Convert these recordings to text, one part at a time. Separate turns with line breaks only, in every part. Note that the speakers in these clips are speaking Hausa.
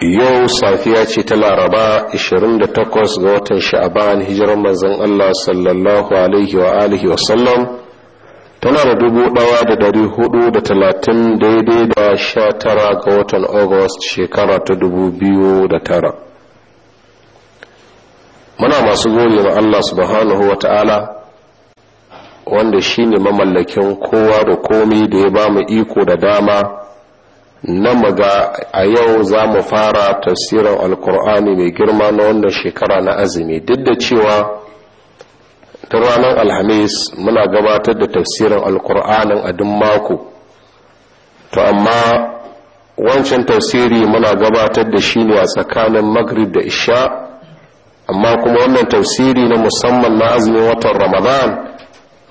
yau safiya ce ta laraba 28 ga watan sha'aban hijiran manzon Allah sallallahu alaihi wa alihi wa sallam tana da dubu dawa da dari hudu da talatin daidai da sha tara ga watan august shekara ta dubu biyu da tara muna masu gode ma Allah subhanahu wa ta'ala wanda shine mamallakin kowa da komi da ya bamu iko da dama na maga a yau za mu fara tafsirin alkur'ani mai girma na wannan shekara na azumi duk da cewa ta ranar alhamis muna gabatar da tafsirin alkur'anin a duk mako to amma wancan tafsiri muna gabatar da shi ne a tsakanin maghrib da isha amma kuma wannan tafsiri na musamman na azumin watan ramadan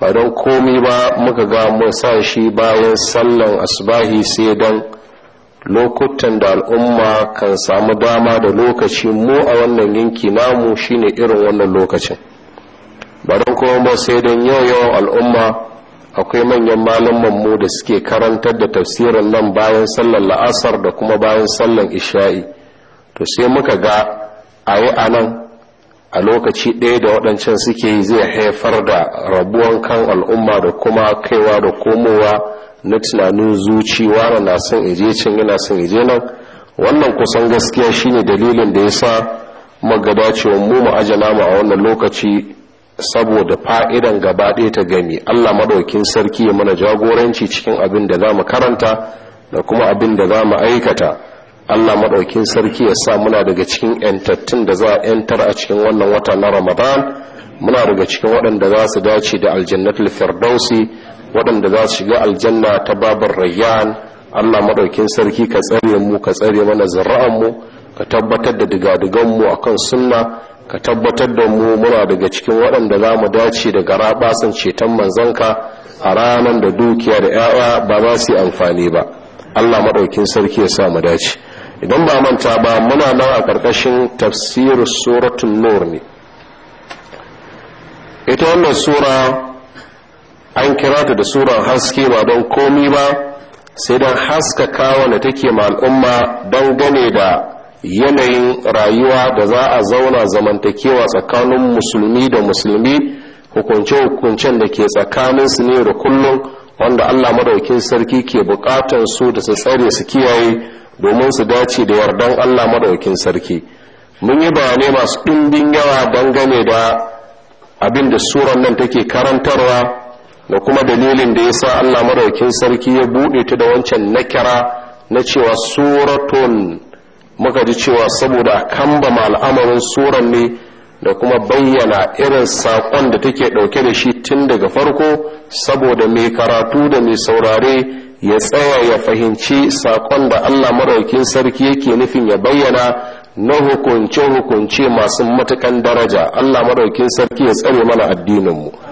ba don komi ba muka ga mun sa shi bayan sallan asbahi sai don lokutan da al'umma kan samu dama da lokaci mu a wannan yanki namu shine irin wannan lokacin barin kuma ba sai don yau yawan al'umma akwai manyan mu da suke karantar da tafsirin nan bayan sallar la'asar da kuma bayan sallar isha'i to sai muka ga a yi a nan a lokaci ɗaya da waɗancan suke yi zai haifar da rabuwan kan al'umma da kuma kaiwa da komowa na tunanin zuci wara na son ije can yana son ije nan wannan kusan gaskiya shine dalilin da ya sa magabacewar mu ma'ajana mu a wannan lokaci saboda fa'idan gaba ɗaya ta gami allah maɗaukin sarki ya mana jagoranci cikin abin da za mu karanta da kuma abin da za mu aikata allah maɗaukin sarki ya sa muna daga cikin yantattun da za a yantar a cikin wannan wata na ramadan muna daga cikin waɗanda za su dace da aljannatul firdausi waɗanda za su shiga aljanna ta babar rayyan allah maɗaukin sarki ka tsare mu ka tsare mana mu ka tabbatar da digadiganmu a kan sunna ka tabbatar da mu muna daga cikin waɗanda za mu dace da garaɓasan ceton manzanka a ranar da dukiya da 'ya'ya ba za su yi amfani ba allah maɗaukin sarki ya sa mu dace idan ba manta ba muna nan a ƙarƙashin tafsirin suratun nur ne ita wannan sura an kira ta da suran haske ba don komi ba sai don haskaka wanda take ma al'umma don gane da yanayin rayuwa da za a zauna zamantakewa tsakanin musulmi da musulmi hukunce-hukuncen da ke tsakanin su ne da kullum wanda allah madaukin sarki ke bukatan su da su tsare su kiyaye domin su dace da yardan allah madaukin sarki mun yi bayanai masu ɗimbin yawa dangane da abin da suran nan take karantarwa da kuma dalilin da ya sa Allah maraukin sarki ya buɗe ta da wancan nakira na cewa suratun muka ji cewa saboda kambama al'amarin suran ne da kuma bayyana irin saƙon da take ɗauke da shi tun daga farko saboda mai karatu da mai saurare ya tsaya ya fahimci saƙon da Allah maraukin sarki yake nufin ya bayyana na hukunce-hukunce masu matukan daraja Allah maraukin sarki ya tsare mana addininmu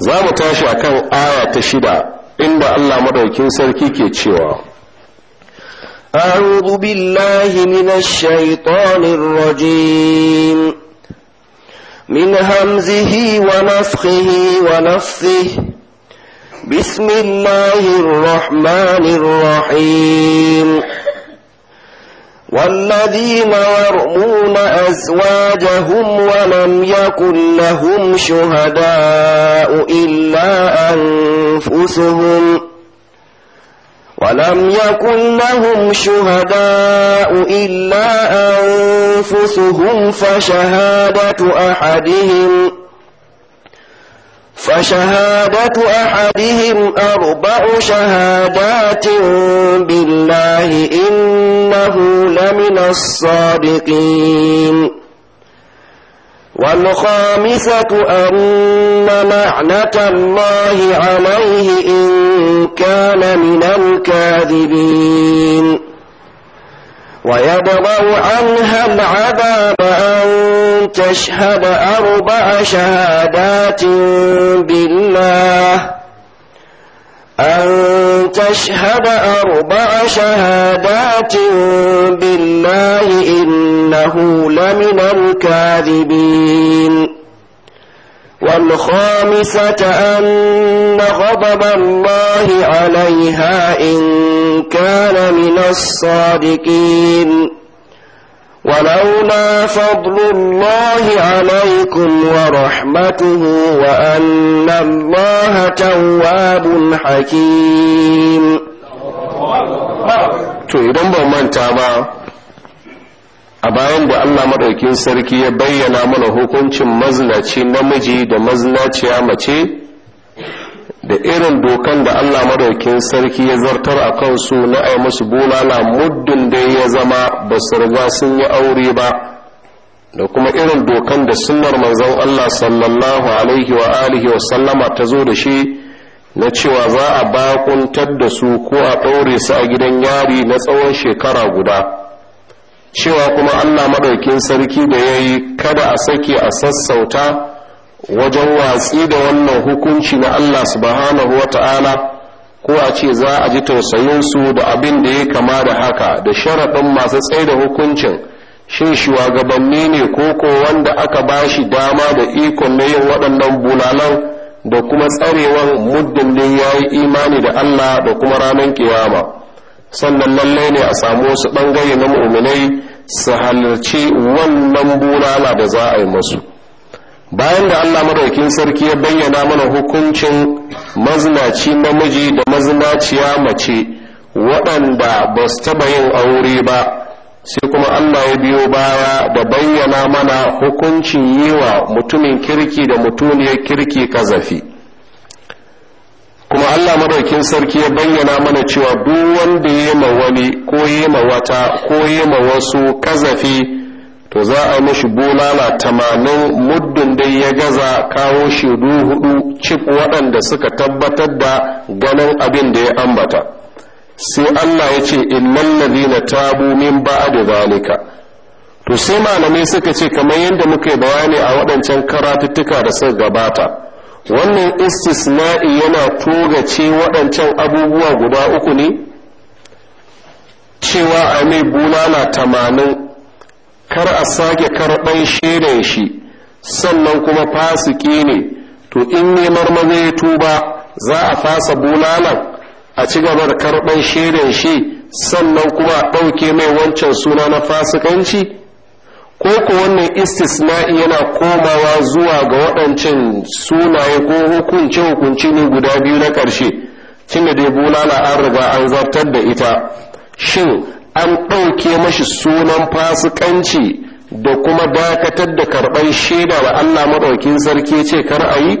za mu tashi akan aya ta shida inda Allah madaukin sarki ke cewa
أعوذ بالله من الشيطان الرجيم من همزه ونفخه ونفثه بسم الله الرحمن الرحيم والذين يرمون أزواجهم ولم يكن لهم شهداء إلا أنفسهم ولم يكن لهم شهداء إلا أنفسهم فشهادة أحدهم فشهادة أحدهم أربع شهادات بالله إنه لمن الصادقين
والخامسة
أن لعنة الله عليه إن كان من الكاذبين ويدرأ عنها العذاب أن تشهد أربع شهادات بالله أن تشهد أربع شهادات بالله إنه لمن الكاذبين والخامسة أن غضب الله عليها إن كان من الصادقين
ولولا
فضل الله عليكم ورحمته وأن الله تواب حكيم
to idan ba manta ba a bayan da Allah maɗaukin sarki ya bayyana mana hukuncin mazinaci namiji da mazinaciya mace da irin dokan da Allah madaukin sarki ya zartar a kansu na ai musu bulala muddin da ya zama ba su riga sun yi aure ba da kuma irin dokan da sunnar manzon Allah sallallahu alaihi wa alihi wa sallama ta zo da shi na cewa za a bakuntar da su ko a ɗaure su a gidan yari na tsawon shekara guda cewa kuma Allah madaukin sarki da ya yi kada a sake a sassauta wajen watsi da wannan hukunci na Allah subhanahu wa ta'ala ko a ce za a ji tausayinsu da abin da ya kama da haka da sharaɗin masu tsaye da hukuncin shin shugabanni ne ko ko wanda aka ba shi dama da ikon na yin waɗannan bulalan da kuma tsarewar muddin din ya yi imani da Allah da kuma ranar kiyama sannan lallai ne a samu wasu ɓangare na mu'minai su halarci wannan bulala da za a yi masu bayan da allah madaukin sarki ya bayyana mana hukuncin mazinaci namiji da mazinaciya mace waɗanda ba su taɓa yin aure ba sai kuma allah ya biyo baya da bayyana mana hukuncin yi wa mutumin kirki da mutuniyar kirki kazafi kuma allah madaukin sarki ya bayyana mana cewa duk wanda ya ma wani ko ya yi ma wata ko ya yi ma wasu kazafi to za a mishi mashi bulala tamanin muddin dai ya gaza kawo shaidu hudu cik waɗanda suka tabbatar da ganin abin da ya ambata sai allah ya ce illallazi na tabu min da zalika to sai malamai suka ce kamar yadda muka yi bayani a waɗancan karatuttuka da suka gabata wannan istisna'i yana togace waɗancan abubuwa guda uku ne cewa a mai bulala tamanin kar a sake karɓar shaidan shi sannan kuma fasiki ne to in nemar marmaza ya tuba za a fasa bulalan a ci gaba da karɓar shaidan shi sannan kuma a ɗauke mai wancan suna na fasikanci ko ko wannan istisna'i yana komawa zuwa ga waɗancan sunaye ko hukunce hukunci ne guda biyu na ƙarshe tunda dai bulala an riga an zartar da ita shin an ɗauke mashi sunan fasikanci da kuma dakatar da karɓar shaida wa Allah maɗaukin sarki ce kar a yi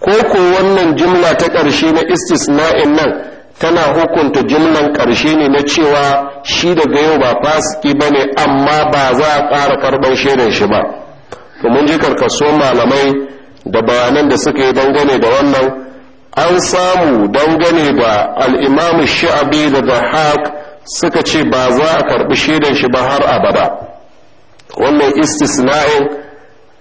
ko ko wannan jimla ta ƙarshe na istisna'in nan tana hukunta jimlan ƙarshe ne na cewa shi daga yau ba fasiki ba ne amma ba za a ƙara karɓar shaidan shi ba to mun ji karkaso malamai da bayanan da suka yi dangane da wannan an samu dangane da al'imamu sha'abi da dhahak suka ce ba za a karɓi shaidan shi ba har abada wannan istisna'in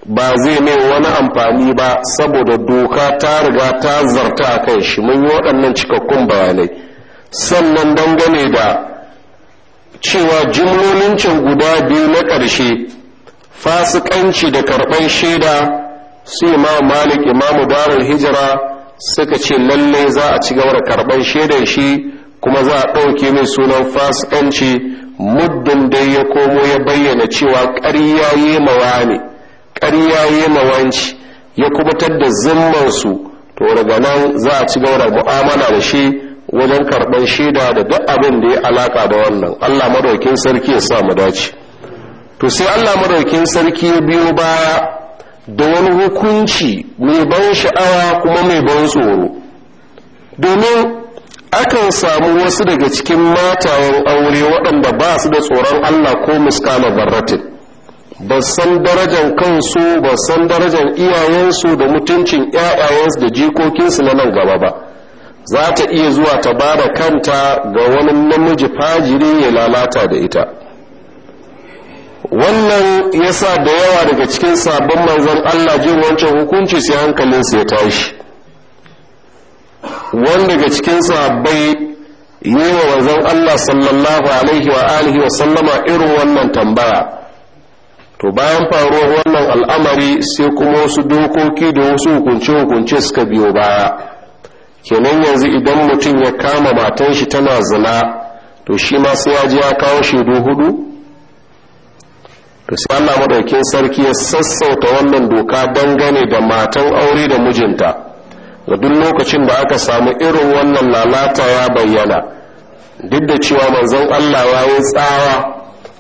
ba zai mai wani amfani ba saboda doka ta riga ta zarta a kan shi mun yi waɗannan cikakkun bayanai sannan dangane da cewa jimlolincin guda biyu na ƙarshe fasikanci da karɓar shaida su imamu malik imamu darul hijira suka ce lallai za a ci gaba da karɓar shaidan shi kuma za a ɗauke mai sunan fasikanci muddin dai ya komo ya bayyana cewa ƙarya yi mawa ne ƙarya yi mawanci ya kubutar da zimmansu to daga nan za a ci gaura mu'amala da shi wajen karɓar shaida da duk abin da ya alaka da wannan allah madaukin sarki ya sa mu dace to sai allah madaukin sarki ya biyo baya da wani hukunci mai ban sha'awa kuma mai ban tsoro domin akan samu wasu daga cikin matawan aure waɗanda ba su da tsoron allah ko muskala barrati ba san darajar kansu ba san darajar iyayensu da mutuncin 'ya'yayensu da jikokinsu na nan gaba ba za ta iya zuwa ta ba da kanta ga wani namiji fajiri ya lalata da ita wannan ya sa da yawa daga cikin sabon manzon allah jin wancan hukunci sai hankalinsu ya tashi wanda daga cikin sahabbai yi wa wanzan Allah sallallahu alaihi wa alihi wa sallama irin wannan tambaya to bayan faruwar wannan al'amari sai kuma wasu dokoki da wasu hukunce hukunce suka biyo baya kenan yanzu idan mutum ya kama matan shi tana zina to shi ma sai ya je ya kawo shaidu hudu to sai Allah madaukin sarki ya sassauta wannan doka dangane da matan aure da mijinta da duk lokacin da aka samu irin wannan lalata ya bayyana duk da cewa manzon Allah ya yi tsawa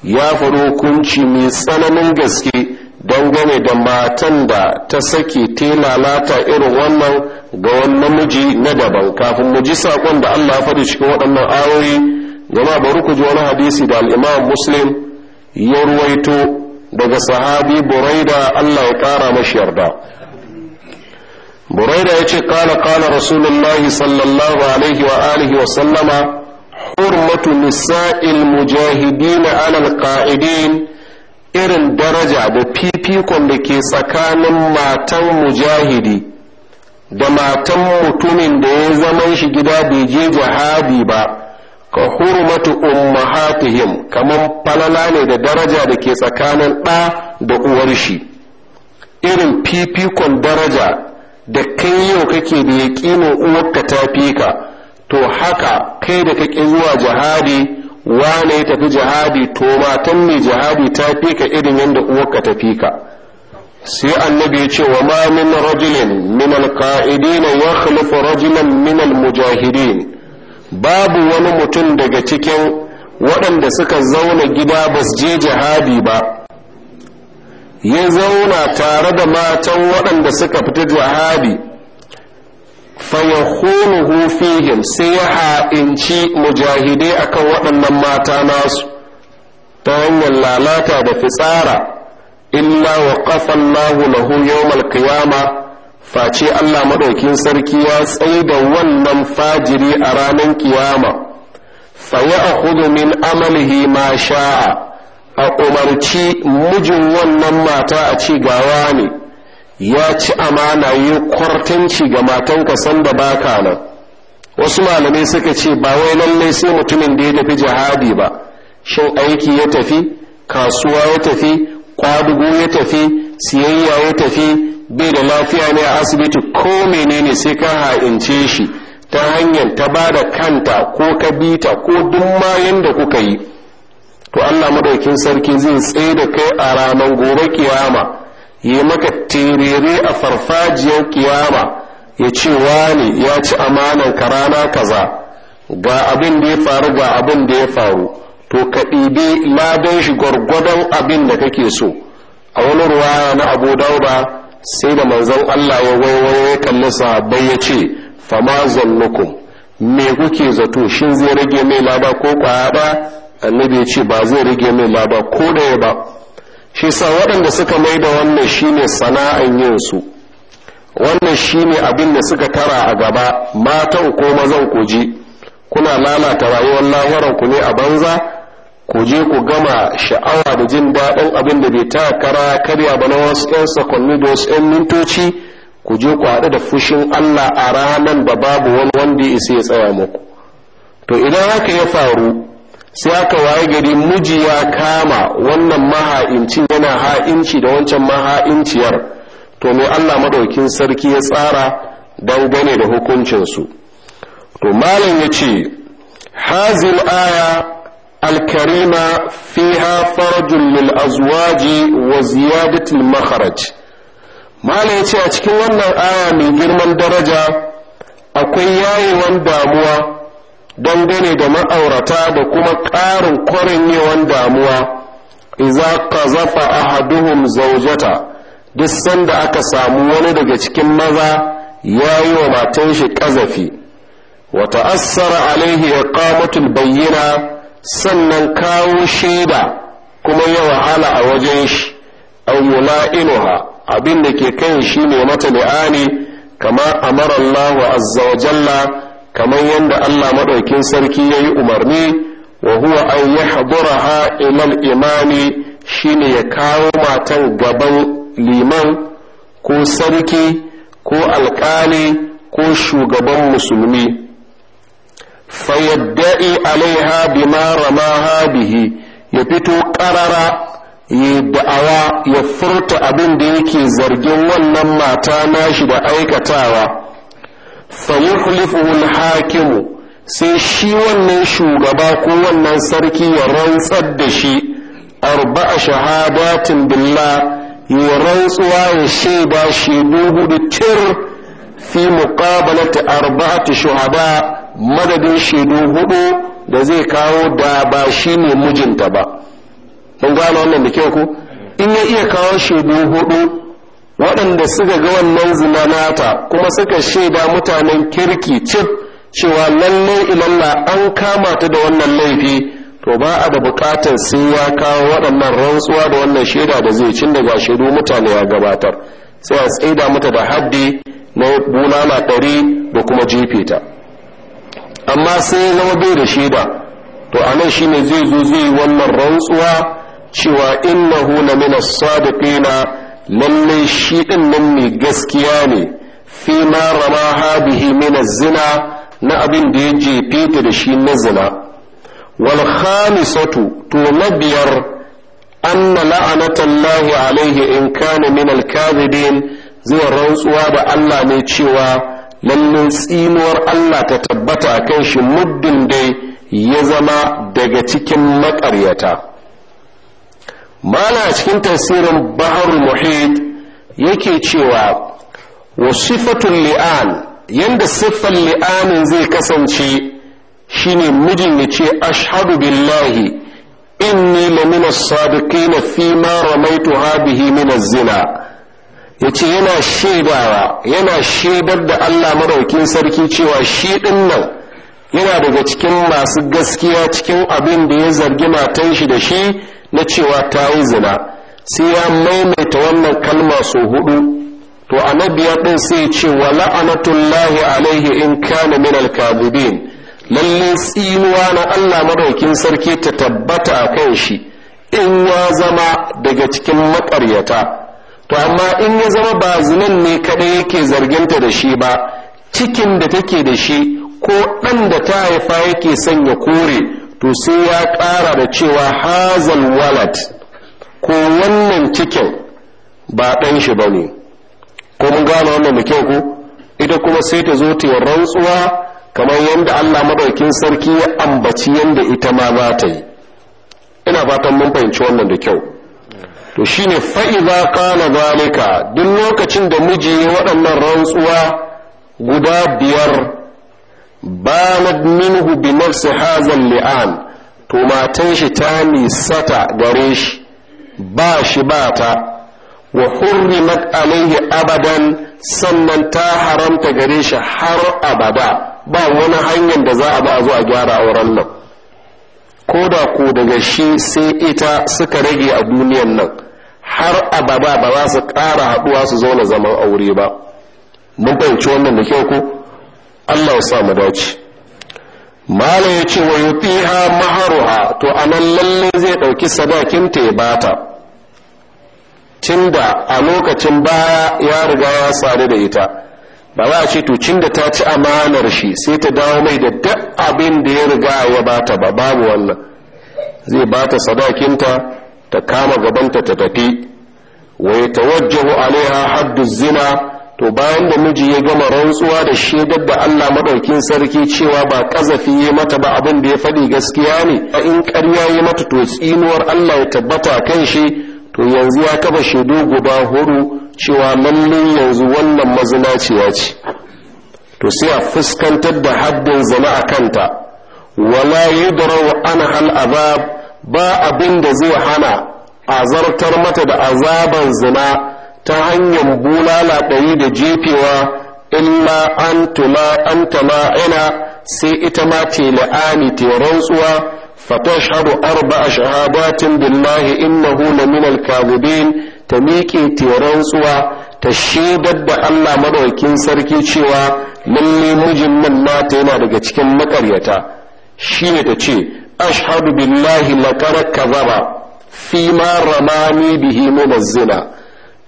ya faru hukunci mai tsananin gaske dangane da matan da ta sake ta lalata irin wannan ga wani namiji na daban kafin mu ji saƙon da Allah ya faɗi cikin waɗannan ayoyi gama bari ku ji wani hadisi da al'imam muslim ya ruwaito daga sahabi buraida Allah ya ƙara mashi yarda buraida ya ce kala kala rasulullahi sallallahu alaihi wa alihi wa sallama hurmatu nisa'il mujahidin alal alqa'idin irin daraja da fifikon da ke tsakanin matan mujahidi da matan mutumin da ya zama shi gida bai je jihadi ba ka hurmatu ummahatihim kamar falala ne da daraja da ke tsakanin ɗa da uwar shi irin fifikon daraja da kai yau kake da yaƙinin uwarka ta fi ka to haka kai da kake zuwa jihadi wane ya tafi jihadi to matan mai jihadi ta fi ka irin yadda uwarka ta fi ka sai annabi ya ce wa ma min rajulin min alqa'idin yakhlifu rajulan min almujahidin babu wani mutum daga cikin waɗanda suka zauna gida ba je jihadi ba ya zauna tare da matan waɗanda suka fita jihadi fayahunuhu fihim sai ya ha'inci mujahidai akan waɗannan mata nasu ta hanyar lalata da fitsara illa wa ƙafan lahu lahu yawmal qiyama face Allah maɗaukin sarki ya tsaye da wannan fajiri a ranar kiyama fa ya min amalihi ma sha'a a umarci mijin wannan mata a ci gawa ne ya ci amana yi kwartanci ga matanka sanda baka nan wasu malamai suka ce ba wai lallai sai mutumin da ya tafi jihadi ba shin aiki ya tafi kasuwa ya tafi kwadugu ya tafi siyayya ya tafi bai da lafiya ne a asibiti ko menene sai ka ha'ince shi ta hanyar ta ba da kanta ko ka bita ko duk ma yanda kuka yi to Allah madaukin sarki zai tsaye da kai a ranar gobe kiyama yi maka terere a farfajiyar kiyama ya ce wani ya ci amanan ka rana kaza ga abin da ya faru ga abin da ya faru to ka ɗibi ladan shi gwargwadon abin da kake so a wani ruwa na abu dauda sai da manzon Allah ya waiwaye ya kalli sahabbai ya ce fama zannukum me kuke zato shin zai rage mai lada ko kwaya annabi ya ce ba zai rage mai laba ko da ba shi sa waɗanda suka mai da wannan shine sana'an yinsu wannan shine abin da suka tara a gaba matan ko mazan ku ji kuna lalata rayuwar lawaran ku ne a banza ku je ku gama sha'awa da jin daɗin abin da bai ta kara karya ba na wasu 'yan sakonni da wasu 'yan mintoci ku je ku haɗu da fushin allah a ranar da babu wani wanda ya isa ya tsaya muku to idan haka ya faru sai aka waye gari miji ya kama wannan maha'incin yana ha'inci da wancan maha'inciyar to me allah madaukin sarki ya tsara don gane da hukuncinsu to malam ya ce hazil aya alkarima fiha farajun lil azwaji wa ziyadatul makharaj malam ya ce a cikin wannan aya mai girman daraja akwai yayewan damuwa dangane da ma'aurata da kuma ƙarin kwarin damuwa iza ka zafa ahaduhum zaujata duk sanda aka samu wani daga cikin maza ya yi wa matan shi ƙazafi wa ta'assara alaihi iqamatul bayyana sannan kawo shaida kuma ya wahala a wajen shi aw yula'inuha abin da ke kan shi ne mata li'ani kama amara Allah azza wa jalla kamar yadda Allah maɗaukin sarki ya yi umarni wa huwa an yahduraha imani imami shine ya kawo matan gaban liman ko sarki ko alƙali ko shugaban musulmi fayaddai alaiha bima ramaha bihi ya fito ƙarara ya da'awa ya furta abin da yake zargin wannan mata nashi da aikatawa fayuhlifuhu al-hakimu sai shi wannan shugaba ko wannan sarki ya rantsar da shi arba'a shahadatin billah ya rantsuwa ya shaida shaidu hudu cir fi muqabalati arba'ati shuhada madadin shaidu hudu da zai kawo da ba shi ne mijinta ba kun gane wannan da kyau ku in ya iya kawo shaidu hudu waɗanda suka ga wannan zina nata kuma suka shaida mutanen kirki cif cewa lallai ilalla an kama ta da wannan laifi to ba a da buƙatar sun ya kawo waɗannan rantsuwa da wannan shaida da zai cin daga shaidu mutane ya gabatar sai a tsaida mata da haddi na bulala ɗari da kuma jefe ta amma sai ya zama bai da shaida to a nan shine zai zo zai wannan rantsuwa cewa innahu na minas sadiqina lallai shi ɗin nan mai gaskiya ne fi ma rama hadihi min zina na abin da ya je ta da shi na zina wal khamisatu to na biyar anna la'anatallahi alaihi in kana min al zuwa rantsuwa da Allah ne cewa lallin tsinuwar Allah ta tabbata a kan shi muddin dai ya zama daga cikin maƙaryata. mana a cikin tasirin baharul muhit yake cewa wa sifatul li'an yanda siffar li'anin zai kasance shine mijin ya ce ashhadu billahi inni lamina sadiqina fi ma ramaituha hadhihi min az-zina yace yana shaidawa yana shaidar da Allah madaukin sarki cewa shi dinnan yana daga cikin masu gaskiya cikin abin da ya zargi matan shi da shi na cewa ta yi zina sai ya maimaita wannan kalma sau hudu to a nabiya din sai ce wa la'anatullahi alaihi in kana min al-kadhibin lalle tsinuwa na Allah madaukin sarki ta tabbata a kan shi in ya zama daga cikin maƙaryata to amma in ya zama ba zinan ne kaɗai yake zarginta da shi ba cikin da take da shi ko ɗan da ta haifa yake son ya kore to sai ya ƙara da cewa hazal walad ko wannan cikin ba ɗan shi ba ne ko mun gane wannan da kyau ko ita kuma sai ta zo ta yi rantsuwa kamar yadda allah madaukin sarki ya ambaci yadda ita ma za ta yi ina fatan mun fahimci wannan da kyau to shine fa'iza kana zalika duk lokacin da miji ya waɗannan rantsuwa guda biyar balad minhu bi nafsi hazan li'an to matan shi ta nisata gare shi ba shi ba ta wa hurrimat alaihi abadan sannan ta haramta gare shi har abada ba wani hanyar da za a ba a a gyara auren nan ko da ko daga shi sai ita suka rage a duniyan nan har abada ba za su ƙara haɗuwa su zauna zaman aure ba mun fahimci wannan da kyau ko Allah ya sa mu dace mala ya ce wa fiha maharuha to anan lalle zai ɗauki sadakin ta ya bata tunda a lokacin baya ya riga ya sadu da ita ba za a ce to cinda ta ci amanar shi sai ta dawo mai da duk abin da ya riga ya bata ba babu wannan zai bata sadakinta ta kama gabanta ta tafi wai tawajjahu alaiha haddu zina to bayan da miji ya gama rantsuwa da shaidar da Allah madaukin sarki cewa ba kazafi ya mata ba abin da ya faɗi gaskiya ne a in ƙarya yayi mata to tsinuwar Allah ya tabbata kan shi to yanzu ya kaba shaidu guba huru cewa lalle yanzu wannan mazinaciya ce to sai a fuskantar da haddin zama a kanta wala yudrau ana hal azab ba abin da zai hana azartar mata da azaban zina ta hanyar bulala ɗari da jefewa in ma an tuma sai ita ma ce la'ani ta rantsuwa fatashhadu arba a shahadatin billahi innahu la min alkazibin ta miƙe tiran ta shaidar da Allah madaukakin sarki cewa lallai mijin nan nata yana daga cikin makaryata shine ta ce ashhadu billahi lakara kazaba fi ma ramani bihi mu mazzina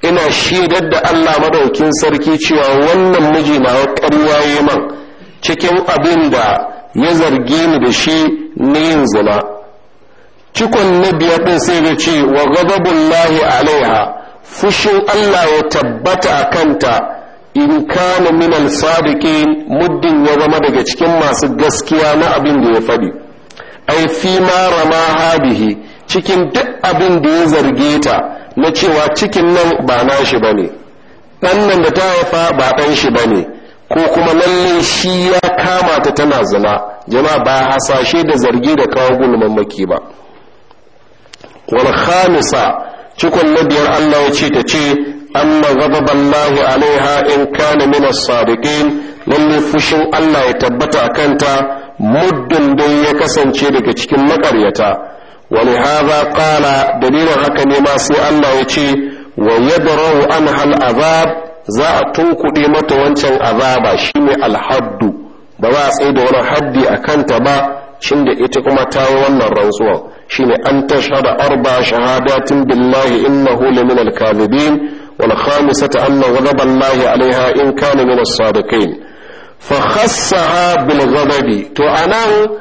ina shaidar da Allah madaukin sarki cewa wannan miji na ƙarya man cikin abin da ya zarge ni da shi na yin zina cikon na ya ɗin sai da ce wa ghadabullahi alaiha fushin Allah ya tabbata a kanta in kana min sadiqin muddin ya zama daga cikin masu gaskiya na abin da ya faɗi ai fi ma rama habihi cikin duk abin da ya zarge ta na cewa cikin nan ba shi ba ne ɗan nan da ta haifa ba ɗan shi ba ne ko kuma lallai shi ya kama ta tana zina jama'a ba hasashe da zargi da kawo maki ba wal khamisa cikon na biyar Allah ya ce ta ce amma ghadaba Allahu alaiha in kana min as-sadiqin fushin Allah ya tabbata kanta muddin don ya kasance daga cikin makaryata ولهذا قال دليل هكا ما سي الله يتي ويدرأ عنها العذاب za a tunkuɗe mata wancan azaba shine alhaddu ba za a tsaye da wani haddi a kanta ba shin da ita kuma ta yi wannan rantsuwa shine an tashhada arba shahadatin billahi innahu al alkazibin wal khamisata anna ghadaba allahi alaiha in kana min as-sadiqin fa khassaha bil ghadabi to anan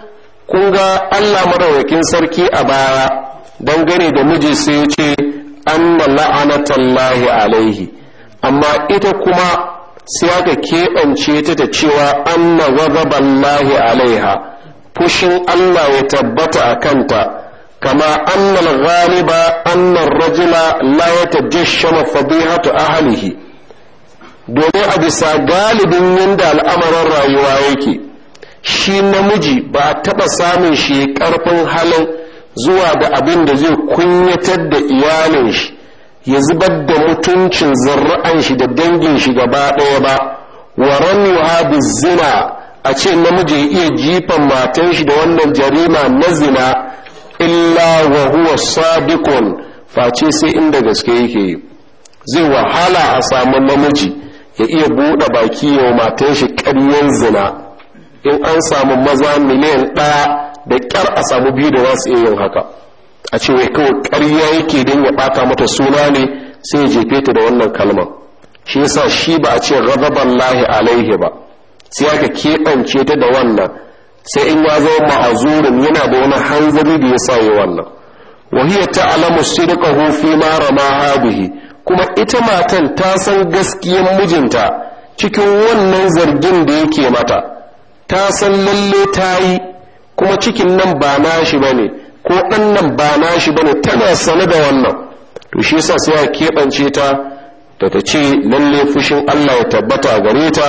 kun ga Allah madawakin sarki a baya dangane da miji sai ya ce amma la'anatullahi alaihi amma ita kuma sai aka keɓance ta da cewa amma lahi alaiha fushin Allah ya tabbata a kanta kama annal ghaliba annar rajula la yatajashshama fadihatu ahlihi domin a bisa galibin yadda al'amarin rayuwa yake shi namiji ba a taɓa samun shi ƙarfin halin zuwa da abin da zai kunyatar da iyalin shi ya zubar da mutuncin zarra'an shi da dangin shi gaba ɗaya ba wa ranuha zina a ce namiji ya iya jifan matan shi da wannan jarima na zina illa wa huwa sadiqun face sai inda gaske yake yi zai wahala a samu namiji ya iya buɗe baki wa matan shi ƙaryar zina in an samu maza miliyan ɗaya da ƙyar a samu biyu da za su iya yin haka a ce wai kawai ƙarya yake don ya ɓata mata suna ne sai ya jefe ta da wannan kalmar shi yasa shi ba a ce rababan lahi alaihi ba sai aka keɓance ta da wannan sai in ya zama ma'azurin yana da wani hanzari da ya sa yi wannan wa hiya ta'lamu sidqahu fi ma ramaha bihi kuma ita matan ta san gaskiyar mijinta cikin wannan zargin da yake mata ta san lalle ta yi kuma cikin nan ba nashi ba ne ko ɗan nan ba nashi ba ne tana sane da wannan to shi yasa sai a keɓance ta da ta ce lalle fushin allah ya tabbata a gare ta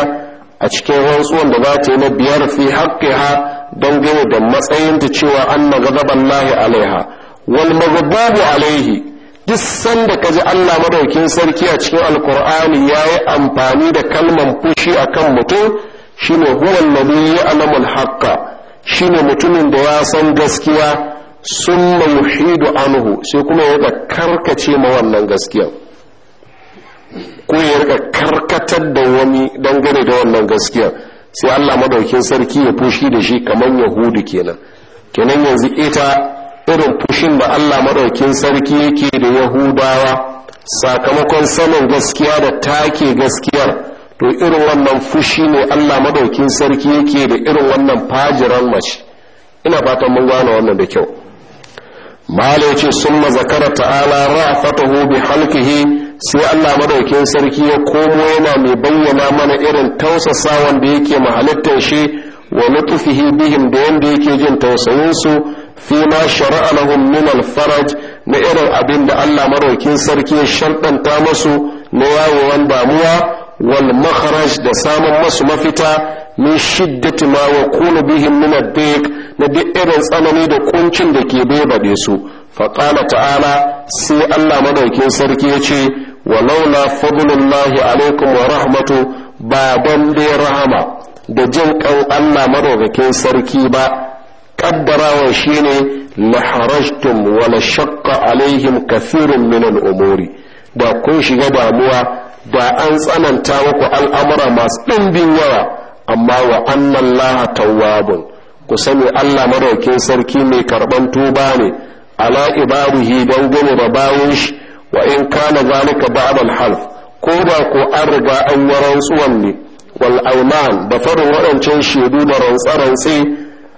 a cikin rantsuwan da za ta yi na biyar fi haƙƙi ha don gane da matsayin ta cewa an na gazaban lahi alaiha wal magababu alaihi duk sanda ka ji Allah madaukin sarki a cikin alkur'ani ya yi amfani da kalman fushi akan mutum shine huwa na ya'lamu al shi shine mutumin da ya san gaskiya summa yuhidu anhu sai kuma ya karkace ma wannan gaskiya ko ya rika karkatar da wani dangane da wannan gaskiya sai Allah madaukin sarki ya fushi da shi kamar yahudu kenan kenan yanzu ita irin fushin da Allah madaukin sarki yake da yahudawa sakamakon sanin gaskiya da take gaskiyar to irin wannan fushi ne Allah madaukin sarki yake da irin wannan fajiran mace ina fatan mun gane wannan da kyau malai yace summa zakara ta'ala ra'afatahu bi halqihi sai Allah madaukin sarki ya komo yana mai bayyana mana irin tausasawan da yake mahalittar shi wa lutfihi bihim da yanda yake jin tausayin su fi ma shara'a lahum min al-faraj na irin abin da Allah madaukin sarki ya sharɗanta musu na yawo damuwa wal makharaj da samun masu mafita min shiddati ma wa kunu bihim min na duk irin tsanani da kuncin da ke bebade su fa qala ta'ala sai Allah madaukin sarki yace walaula fadlullahi alaikum wa rahmatu ba dan dai rahama da jin kan Allah madaukakin sarki ba kaddarawa shine la harajtum wa la shaqqa alaihim kathirun min al da kun shiga damuwa da an tsananta muku al'amura masu ɗimbin yawa amma wa annan laha tawwabun ku sani allah maraukin sarki mai karɓan tuba ne ala ibadihi don gani da bawon shi wa in kana zalika ba'dal half ko da ku an riga an yi rantsuwan ne wal da farin waɗancan shaidu da rantsarantsi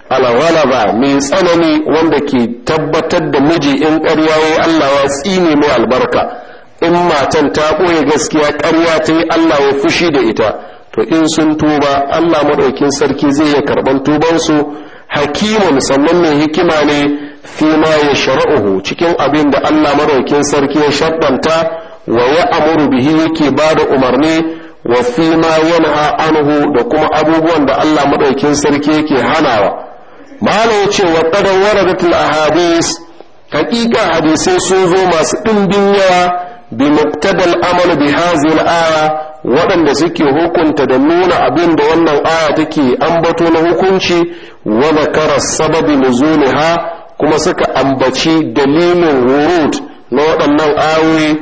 rantsi ba mai tsanani wanda ke tabbatar da miji in ƙarya Allah ya tsine mai albarka in matan ta ɓoye gaskiya ƙarya ta yi Allah ya fushi da ita to in sun tuba Allah maɗaukin sarki zai iya karɓar tubansu hakimun sannan mai hikima ne fi ma ya shara'uhu cikin abin da Allah maɗaukin sarki ya shaɗanta wa ya amuru bihi yake ba da umarni wa fi ma yanha anhu da kuma abubuwan da Allah maɗaukin sarki yake hanawa malam ya ce wa qad waradatul ahadis hakika hadisai sun zo masu ɗimbin yawa bi muqtadal amal bi aya waɗanda suke hukunta da nuna abin da wannan aya take ambato na hukunci wa zakara sababi nuzuliha kuma suka ambaci dalilin wurud na waɗannan ayoyi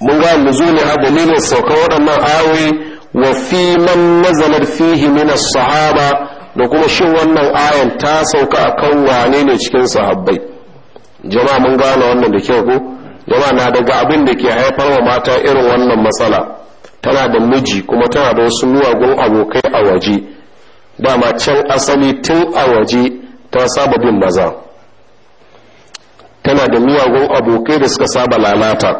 mun ga ha dalilin sauka waɗannan ayoyi wa fi man nazalar fihi min sahaba da kuma shin wannan ayan ta sauka akan wane ne cikin sahabbai jama'a mun gane wannan da kyau ko yawa na daga abin da ke haifar wa mata irin wannan matsala tana da miji kuma tana da wasu miyagun abokai a waje dama can asali tun a waje ta saba bin maza tana da miyagun abokai da suka saba lalata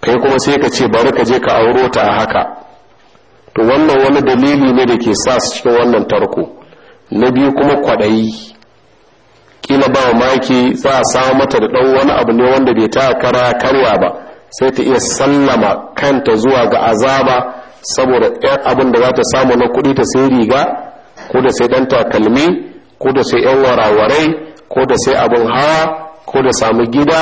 kai kuma sai ka ce bari ka je ka auro ta a haka to wannan wani dalili ne da ke sa su cikin wannan tarko na biyu kuma kwaɗayi kila ba maki za a samu mata da ɗan wani abu ne wanda bai ta kara karya ba sai ta iya sallama kanta zuwa ga azaba saboda yan abin da za ta samu na kuɗi ta sai riga ko da sai ɗan takalmi ko da sai yan warawarai ko da sai abin hawa ko da samu gida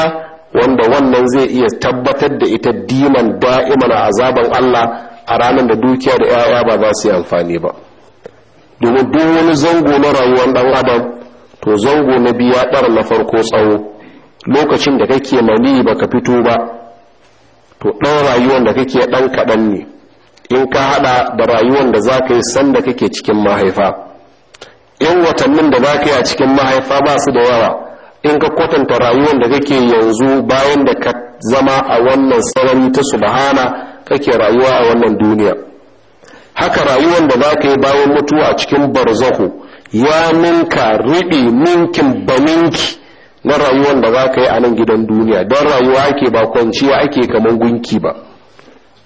wanda wannan zai iya tabbatar da ita diman da'iman azaban Allah a ranar da dukiya da 'ya'ya ba za su yi amfani ba domin duk wani zango na rayuwar dan adam to zango na biya na farko tsawo lokacin da kake mani ka fito ba to ɗan rayuwan da kake ɗan kaɗan ne in ka haɗa da rayuwan da za ka yi sanda kake cikin mahaifa in watannin da za ka yi a cikin mahaifa ba su da yawa in ka kwatanta rayuwan da kake yanzu bayan da ka zama a wannan sarari ta subhana kake rayuwa a wannan duniya haka rayuwan da za ka yi bayan mutuwa a cikin barzahu ya ninka riɗi ninkin baninki na rayuwar da za ka yi a nan gidan duniya don rayuwa ake ba kwanciya ake kamar gunki ba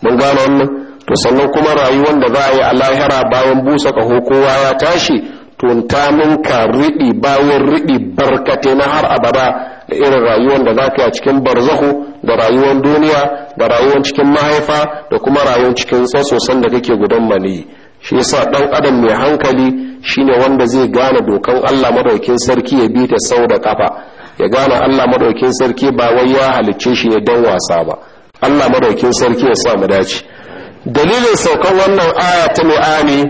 mun gano wannan to sannan kuma rayuwar da za a yi a lahira bayan busa ƙaho kowa ya tashi to ta ninka riɗi bayan riɗi barkate na har abada da irin rayuwar da za ka yi a cikin barzaho da rayuwar duniya da rayuwar cikin mahaifa da kuma rayuwar cikin tsotsosan da kake gudan maniyi shi yasa dan adam mai hankali shine wanda zai gane dokan Allah madaukin sarki ya bi ta sau da kafa ya gane Allah madaukin sarki ba wai ya halicce shi ya dan wasa ba Allah madaukin sarki ya sa mu dace dalilin saukan wannan aya ta mu'ani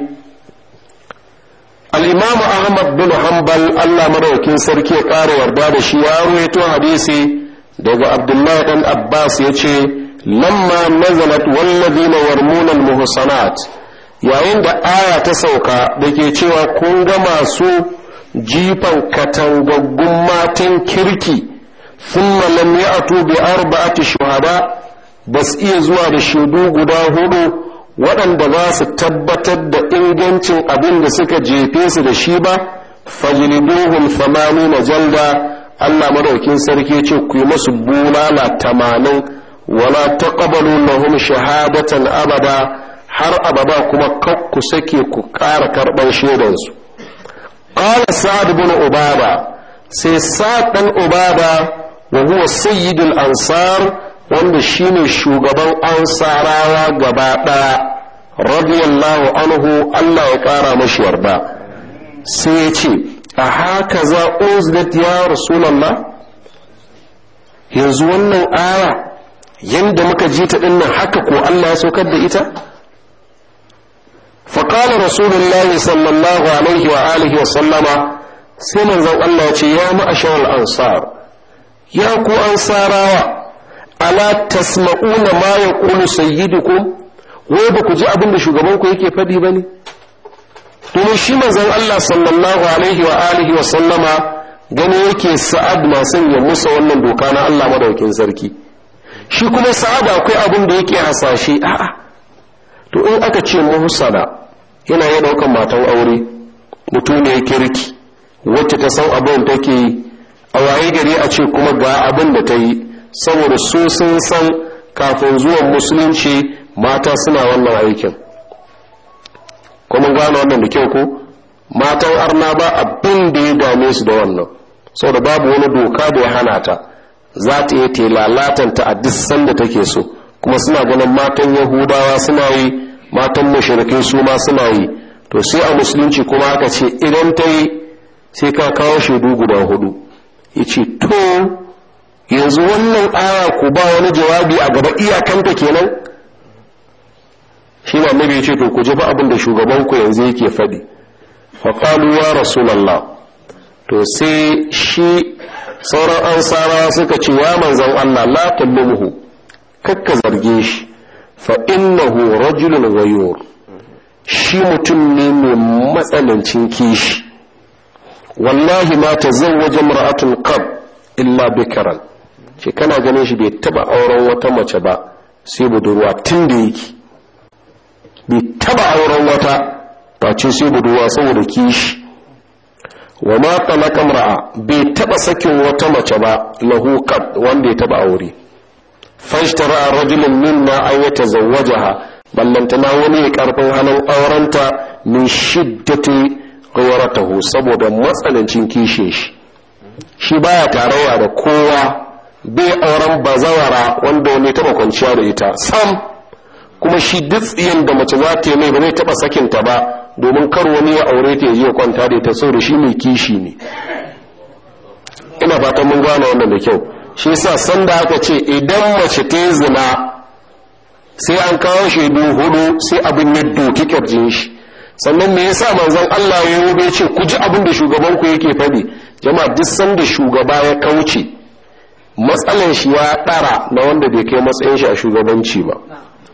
al-imam Ahmad bin Hanbal Allah madaukin sarki ya ƙara yarda da shi ya rawaito hadisi daga Abdullah dan Abbas yace lamma nazalat wal ladina yarmuna al-muhsanat yayin da aya ta sauka da ke cewa kun ga masu jifan katangaggun matan kirki sun lam ya'tu bi arba'ati shuhada ba su iya zuwa da shaidu guda hudu waɗanda za su tabbatar da ingancin abin da suka jefe su da shi ba fajliduhum famani na janda Allah madaukin sarki ce ku yi masu bulala tamanin wala ƙabalu lahum shahadatan abada har ababa kuma kakku sake ku ƙara karɓar shaidansu ƙala sa'ad bin ubaba sai sa'ad ɗan ubaba wa huwa sayyidul ansar wanda shine shugaban ansarawa gaba ɗaya radiyallahu anhu Allah ya ƙara mashi yarda sai ya ce a haka za uzdat ya rasulallah yanzu wannan aya yanda muka ji ta dinnan haka ko Allah ya saukar da ita faƙalar rasulullahi sallallahu alaihi wa alihi wa sallama sai manzon Allah ce ya ma'ashawal ansar ya ku ansarawa ala tasma'una ma yaqulu sayyidukum wai ba ku ji abin da shugaban yake faɗi ba ne domin shi manzon Allah sallallahu alaihi wa alihi wa sallama gani yake sa'ad ma ya musa wannan doka na Allah madaukin sarki shi kuma sa'ad akwai abin da yake hasashe a'a to in aka ce muhsana yana yi daukan matan aure mutumiyar kirki wacce ta san abin take yi a waye gari a ce kuma ga abin da ta yi saboda su sun san kafin zuwan musulunci mata suna wannan aikin kuma gano wannan da kyau ko matan arna ba abin da ya dame su da wannan saboda babu wani doka da ya hana ta za ta iya telalatan ta a duk sanda take so kuma suna ganin matan yahudawa suna yi matan mashirikai su ma suna yi to sai a musulunci kuma aka ce idan ta yi sai ka kawo shaidu guda hudu ya ce to yanzu wannan aya ku ba wani jawabi a gaba iyakanta kenan shi ma mabi ce to ku ji ba abin da shugabanku yanzu yake faɗi faƙalu ya rasulallah to sai shi sauran ansara suka ce ya manzan allah la tallumuhu kakka zarge shi fa innahu rajulun ghayur shi mutum ne mai matsanancin kishi wallahi ma tazawwaja imra'atun qab illa bikran ke kana ganin shi bai taba auren wata mace ba sai budurwa tun da yake bai taba auren wata face sai budurwa saboda kishi wa ma talaka bai taba sakin wata mace ba lahu qab wanda ya taba aure fashtara a rajulun na an ya tazawwajaha ballantana wani ya karfin halin aurenta min shiddati taho saboda matsanancin kishin shi shi baya tarawa da kowa bai auren bazawara wanda wani taba kwanciya da ita sam kuma shi ditsiyan da mace za ta yi mai ba zai taba sakinta ba domin kar wani ya aure ta ya kwanta da ita saboda shi mai kishi ne ina fatan mun gane wannan da kyau shi sa sanda aka ce idan mace ta zina sai an kawo shaidu hudu sai abin ya doki kirjin shi sannan me yasa manzon Allah ya yi ce ku ji abin da shugaban ku yake faɗi jama'a duk sanda shugaba ya kauce matsalan shi ya ɗara na wanda bai kai matsayin shi a shugabanci ba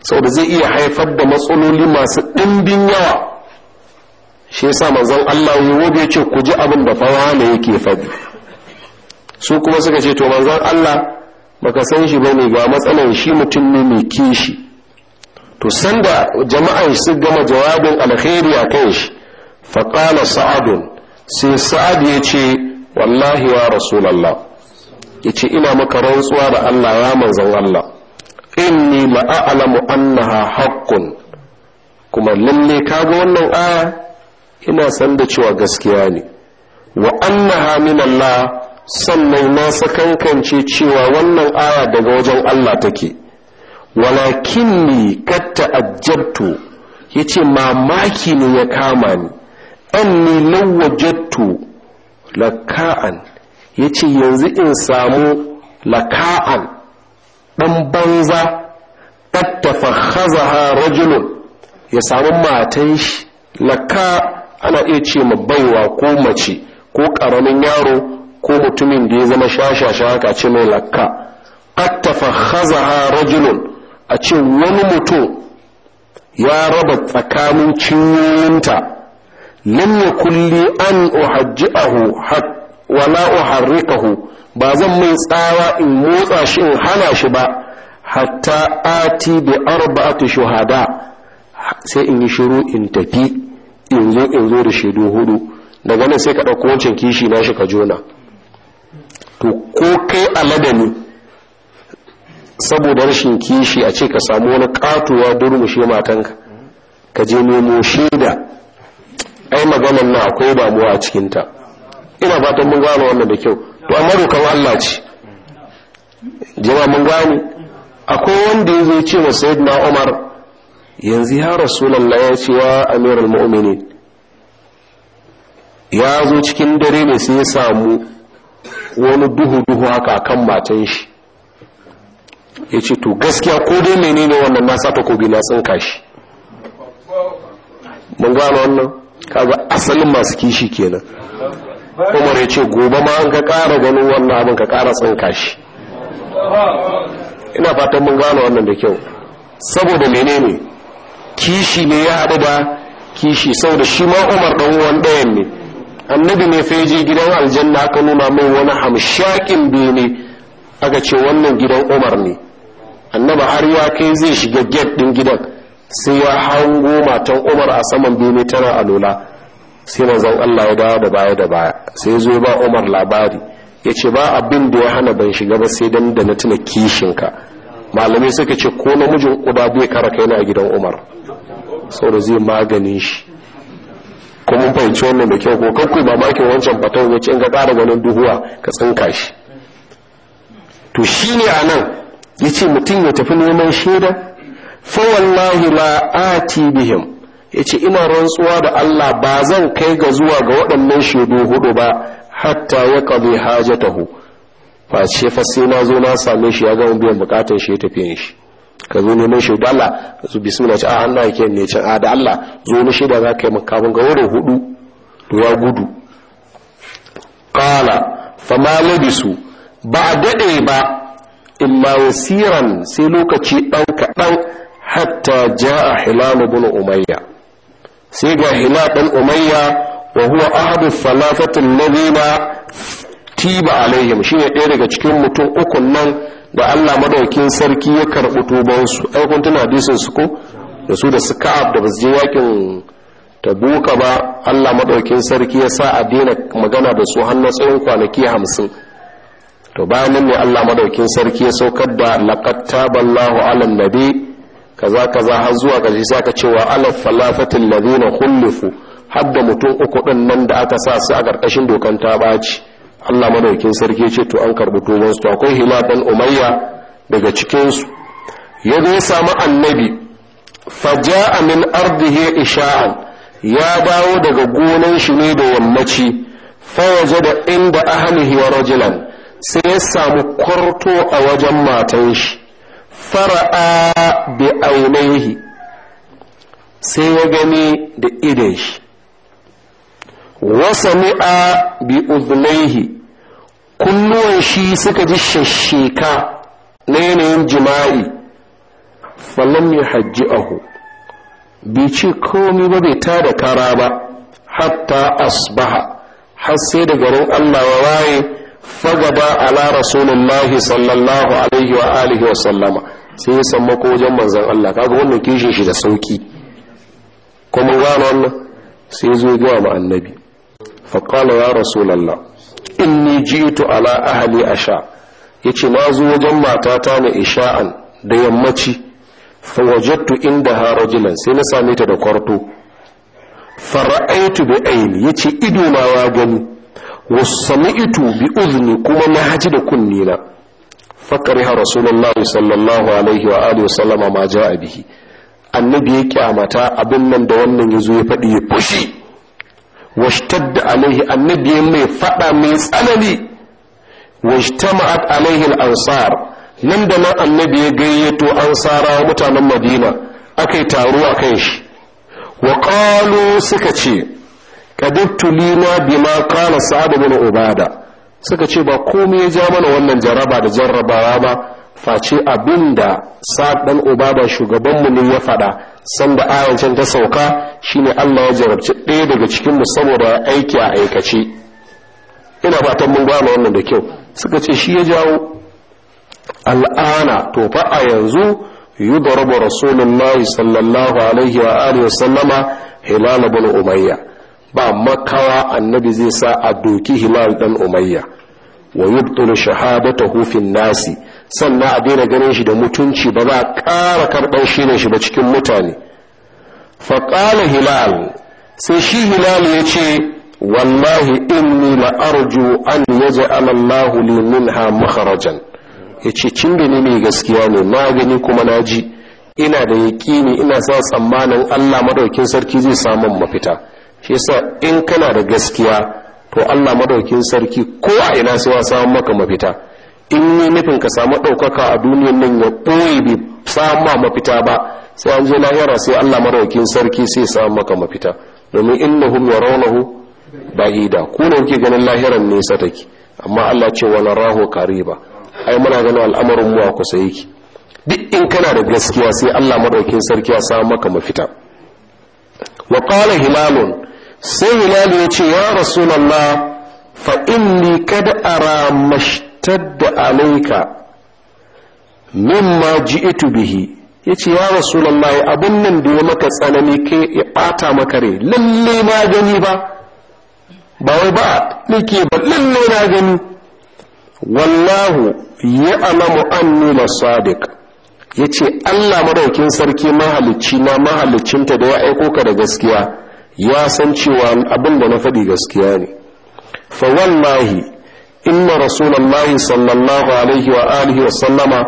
saboda zai iya haifar da matsaloli masu ɗimbin yawa shi yasa manzon Allah ya yi ce ku ji abin da fawa yake faɗi su kuma suka ce to manzon Allah baka san shi bane ga matsalan shi mutum ne mai kishi to sanda jama'a su gama jawabin alkhairi a kai shi qala sa'adun sai sa'ad ya ce wallahi wa rasulullah ya ce ina maka rantsuwa da Allah ya manzon Allah inni a'lamu annaha haqqun kuma lalle ga wannan aya ina san da cewa gaskiya ne wa annaha min Allah sannan na sakankance cewa wannan aya daga wajen Allah take walakin ni katta ajabtu ya ce mamaki ne ya kama ni an ni lawajattu laka'an ya ce yanzu in samu laka'an ɗan banza ƙattafa hazaha rajulun ya samu matan shi laka ana iya ce ma baiwa ko mace ko ƙaramin yaro ko mutumin da ya zama shashasha haka ce mai lakka attafa khazaha rajulun a ce wani mutum ya raba tsakanin cinyoyinta lam yakulli an uhajji'ahu wala uharrikahu ba zan mai tsawa in motsa shi in hana shi ba hatta ati bi arba'ati shuhada sai in yi shiru in tafi in zo in zo da shaidu hudu daga nan sai ka ɗauko wancan kishi na shi ka jona to ko kai alada ni saboda rashin kishi a ce ka samu wani katuwa durmushe matanka ka je nemo shaida ai maganar na akwai damuwa a cikinta ina fatan mun gano wannan da kyau to amma dokar Allah ce jima mun gane akwai wanda ya zai ce wa sayyidina Umar yanzu ya rasulullah ya ce wa amirul mu'minin ya zo cikin dare ne sai ya samu wani duhu-duhu haka kan matan shi ya ce to gaskiya ko dai ne wannan na ta takobi na tsinka shi mun gano wannan kaga asalin masu kishi kenan umar ya ce gobe ma an ka kara ganin wannan abin ka kara tsinka shi ina fatan mun gano wannan da kyau saboda ne kishi ne ya haɗu da kishi saboda shi ma umar ɗan uwan ɗayan ne annabi ne fa je gidan aljanna aka nuna mai wani hamshakin bene aka ce wannan gidan umar ne annaba har ya kai zai shiga gate din gidan sai ya hango matan umar a saman bene tana alola sai manzon Allah ya dawo da baya da baya sai zo ba umar labari yace ce ba abin da ya hana ban shiga ba sai dan da na tuna kishin ka malamai suka ce ko namijin kuda bai kara kai na a gidan umar saboda zai maganin shi ko mun fahimci wannan da kyau ko kuyi mamakin wancan fatan wace in ga ƙara ganin duhuwa ka tsinka shi to shi ne a nan ya ce mutum ya tafi neman shaida fawallahi la ati bihim ya ce ina rantsuwa da Allah ba zan kai ga zuwa ga waɗannan shaidu hudu ba hatta ya ƙabe hajjata hu fa sai na zo na same shi ya gama biyan bukatar shi ya tafiyan shi ka zo neman shaidu Allah su bismillah ce a ah, Allah ake ne cin a da Allah zo na shaida za ka yi makamin ga wurin hudu Ruwa gudu qala fama labisu ba dade ba imma wasiran sai lokaci dan kadan hatta jaa hilal ibn umayya sai ga hilal ibn umayya wa huwa ahadu falafati alladhina tiba alaihim shine ɗaya daga cikin mutum ukun nan da Allah madaukin sarki ya karɓi su ai kun tuna hadisin su ko da su da suka da basu je yakin tabuka ba Allah madaukin sarki ya sa a daina magana da su har na tsawon kwanaki hamsin to bayan nan ne Allah madaukin sarki ya saukar da laqad taballahu alam nabi kaza kaza har zuwa ka shi saka cewa alaf falafatil ladina khulifu hadda mutum uku din nan da aka sa su a karkashin dokan ta baci Allah madaukin sarki ce to an karɓi tuban to akwai himaban umayya daga cikinsu ya zo ya samu annabi faja'a min ardihi isha'an ya dawo daga gonan shi ne da yammaci waje da inda ahlihi wa rajulan sai ya samu kwarto a wajen matan shi fara'a bi ainihi sai ya gani da idan shi wasami'a bi uzlaihi kunnuwan shi suka ji shasheka na yanayin jima'i falam ya hajji ahu Bi ce komi ba bai tada kara ba hatta asbaha har sai da garin allah ya waye fagaba ala rasulullahi sallallahu alaihi wa alihi wa sallama sai ya samu ko wajen manzan allah kaga wannan kishin shi da sauki kuma gano wannan sai zo gawa ma annabi faƙala ya rasulallah inni jitu ala ahli asha ya ce na zo wajen matata na isha'an da yammaci in da haraji rajulan sai na sami ta da kwarto fara'aitu bi aini yace ce ido na ya gani wasami'tu bi uzni kuma na haji da kunni na fakariha rasulullah sallallahu alaihi wa alihi wa sallama ma ja'a bihi annabi ya kyamata abin nan da wannan yazo ya faɗi ya fushi washtadda alaihi annabi mai fada mai tsanani ansar nan da nan annabi ya gayyato ansara mutanen madina yi taro a kan shi wa qalu suka ce kadittu bima qala sa'ad ibn ubada suka ce ba komai ya ja mana wannan jaraba da jarrabawa ba face abinda sa'ad dan ubada shugabanmu ne ya faɗa sanda ayan ta sauka Shi ne Allah ya jarabci ɗaya daga cikin mu saboda aiki a aikace ina fatan mun gane wannan da kyau suka ce shi ya jawo al'ana to fa a yanzu rasulun rasulullahi sallallahu alaihi wa alihi sallama hilal ibn umayya ba makawa annabi zai sa a doki hilal dan umayya wa shahaba ta hufin nasi sannan a daina ganin shi da mutunci ba za a ƙara karɓar shi ne shi ba cikin mutane faƙala hilal sai shi hilal ya ce wallahi inni an yaji alallahu limin ha makharajan ya ce cin da ni mai gaskiya ne na gani kuma na ji ina da yaƙini ina sa tsammanin allah madaukin sarki zai samu mafita shi yasa in kana da gaskiya to allah madaukin sarki ko a ina sai ya samu maka mafita in ni nufin ka samu ɗaukaka a duniyan nan ya ɓoye bai samu mafita ba sai an je lahira sai Allah maraukin sarki sai samu maka mafita domin innahum yarawnahu ba'ida ko ne kuke ganin lahiran nesa take amma Allah ce wala rahu kariba ai muna ganin al'amarin mu a kusa yake duk in kana da gaskiya sai Allah maraukin sarki ya samu maka mafita wa qala hilalun sai hilal ya ce ya rasulullah fa inni kad ara mashtadda alayka mimma ji'tu bihi ya ce ya rasu rasulallahi abun nan da ya maka tsanani ke ya ɓata maka rai lalle na gani ba ba wai ba nake ba lalle na gani wallahu ya alamu an nuna sadiq ya ce allah madaukin sarki mahalicci na mahalicinta da ya aiko ka da gaskiya ya san cewa abin da na faɗi gaskiya ne fa wallahi inna rasulallahi sallallahu alaihi wa alihi wa sallama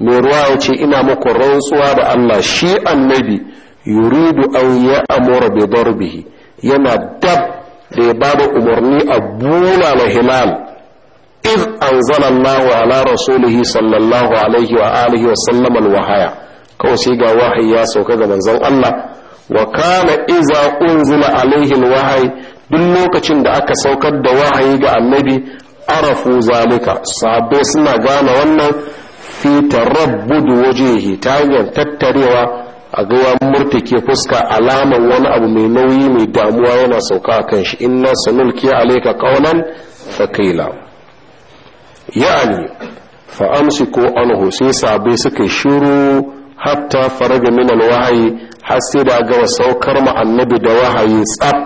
mai ruwa ya ce ina muku rantsuwa da Allah shi annabi yuridu an ya amura bi darbihi yana dab da ya bada umarni a bula na hilal iz anzalallahu ala rasulihi sallallahu alaihi wa alihi wa sallam alwahaya kawai sai ga wahayi ya sauka ga manzon Allah wa kana iza unzila alaihi alwahayi duk lokacin da aka saukar da wahayi ga annabi arafu zalika sahabbai suna gane wannan fi tarabbudu wajehi ta hanyar tattarewa a ga ya murtake fuska alaman wani abu mai nauyi mai damuwa yana sauka a kan shi inna sanulki alayka qawlan thaqila ya'ani fa amsiku anhu sai sabai suka shiru hatta faraga min alwahyi har sai da ga saukar mu annabi da wahayi tsaf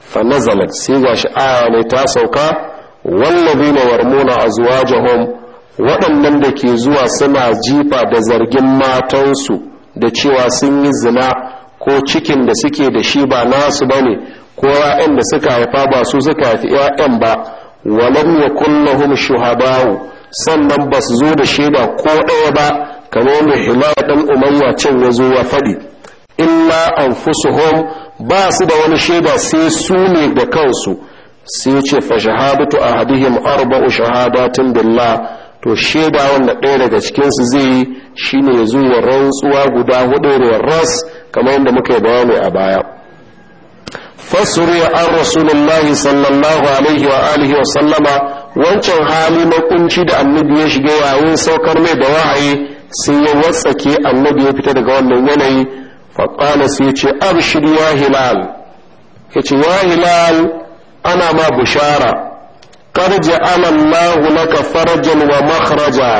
fa nazalat sai gashi aya ne ta sauka wallazina zuwa azwajahum waɗannan da ke zuwa suna jifa da zargin matansu da cewa sun yi zina ko cikin da suke da shi ba nasu ba ne ko ‘ya'yan da suka haifa ba su suka haifi ‘ya'yan ba walam ya kullahum shuhada'u sannan ba su zo da shaida ko ɗaya ba kamar mai himar ɗan umayya can ya zo ya faɗi illa an fusuhum ba su da wani shaida sai su ne da kansu sai ce fa shahadatu ahadihim arba'u shahadatin billah to shaida wanda ɗaya daga cikinsu zai yi shi ne zuwa rantsuwa guda hudu da ras kamar yadda muka yi bayani a baya fasuriya an rasulullahi sallallahu alaihi wa alihi wa sallama wancan hali na kunci da annabi ya shiga yayin saukar mai da wahayi sai ya watsake annabi ya fita daga wannan yanayi faƙala su ya ce abshir ya hilal ya ce ya hilal ana ma bishara qad ja'ala Allahu laka farajan wa makhraja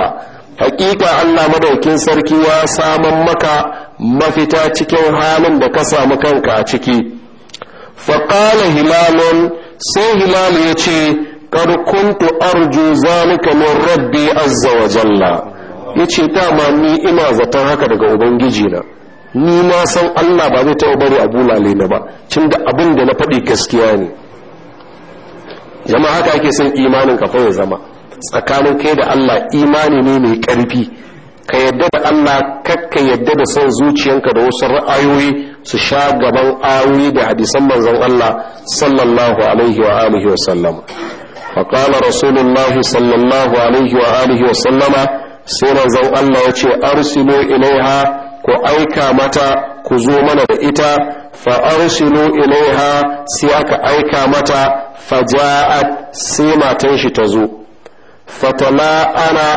hakika Allah madaukin sarki ya saman maka mafita cikin halin da ka samu kanka a ciki faqala hilalun sai hilal ya ce kar kuntu arju zalika min rabbi azza wa jalla yace ma ni ina zaton haka daga ubangiji na ni na san Allah ba zai taɓa bari a bulale na ba tunda abin da na faɗi gaskiya ne zama haka ake son imanin ka ya zama tsakanin kai da Allah imani ne mai karfi ka yadda da Allah kakka yadda da son zuciyanka da wasu ra'ayoyi su sha gaban ayoyi da hadisan manzon Allah sallallahu alaihi wa alihi wa sallam فقال sallallahu alaihi صلى wa sallama sai وسلم سيرا Allah الله يتي أرسلوا ku aika mata ku zo mana da ita fa arsilu ilaiha sai aka aika mata faja'at sai matan shi ta zo fatala'ana